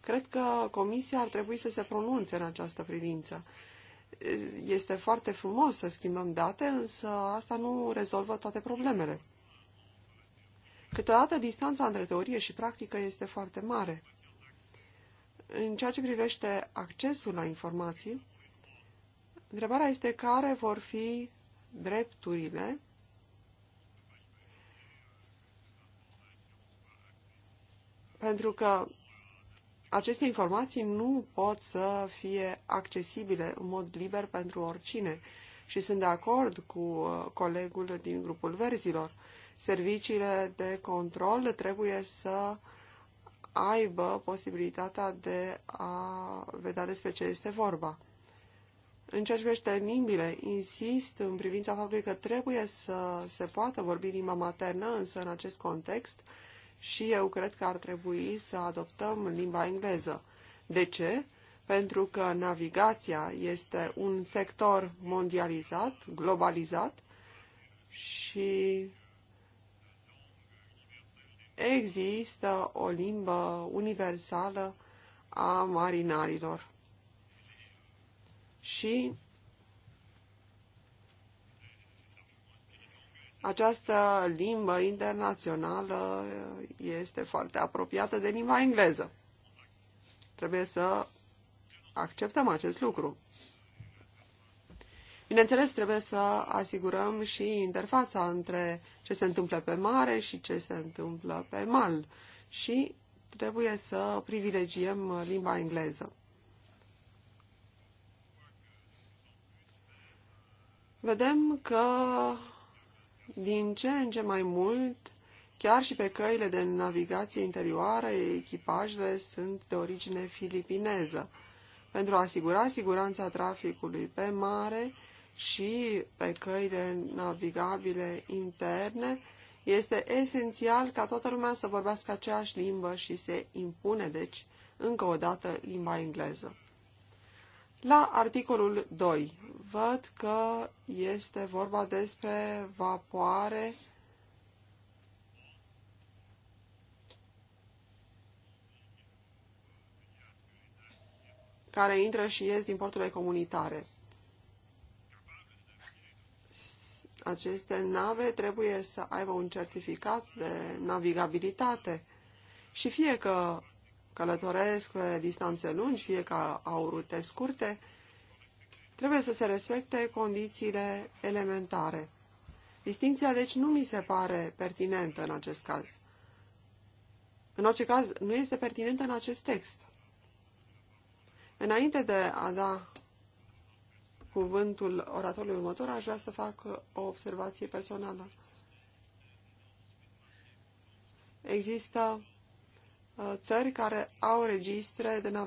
Cred că comisia ar trebui să se pronunțe în această privință. Este foarte frumos să schimbăm date, însă asta nu rezolvă toate problemele. Câteodată distanța între teorie și practică este foarte mare. În ceea ce privește accesul la informații, întrebarea este care vor fi drepturile pentru că aceste informații nu pot să fie accesibile în mod liber pentru oricine. Și sunt de acord cu uh, colegul din grupul verzilor serviciile de control trebuie să aibă posibilitatea de a vedea despre ce este vorba. În ceea ce privește limbile, insist în privința faptului că trebuie să se poată vorbi limba maternă, însă în acest context și eu cred că ar trebui să adoptăm limba engleză. De ce? Pentru că navigația este un sector mondializat, globalizat și există o limbă universală a marinarilor. Și această limbă internațională este foarte apropiată de limba engleză. Trebuie să acceptăm acest lucru. Bineînțeles, trebuie să asigurăm și interfața între ce se întâmplă pe mare și ce se întâmplă pe mal și trebuie să privilegiem limba engleză. Vedem că din ce în ce mai mult, chiar și pe căile de navigație interioară, echipajele sunt de origine filipineză. Pentru a asigura siguranța traficului pe mare, și pe căile navigabile interne, este esențial ca toată lumea să vorbească aceeași limbă și se impune, deci, încă o dată, limba engleză. La articolul 2 văd că este vorba despre vapoare care intră și ies din porturile comunitare. aceste nave trebuie să aibă un certificat de navigabilitate. Și fie că călătoresc pe distanțe lungi, fie că au rute scurte, trebuie să se respecte condițiile elementare. Distinția, deci, nu mi se pare pertinentă în acest caz. În orice caz, nu este pertinentă în acest text. Înainte de a da cuvântul oratorului următor, aș vrea să fac o observație personală. Există uh, țări care au registre de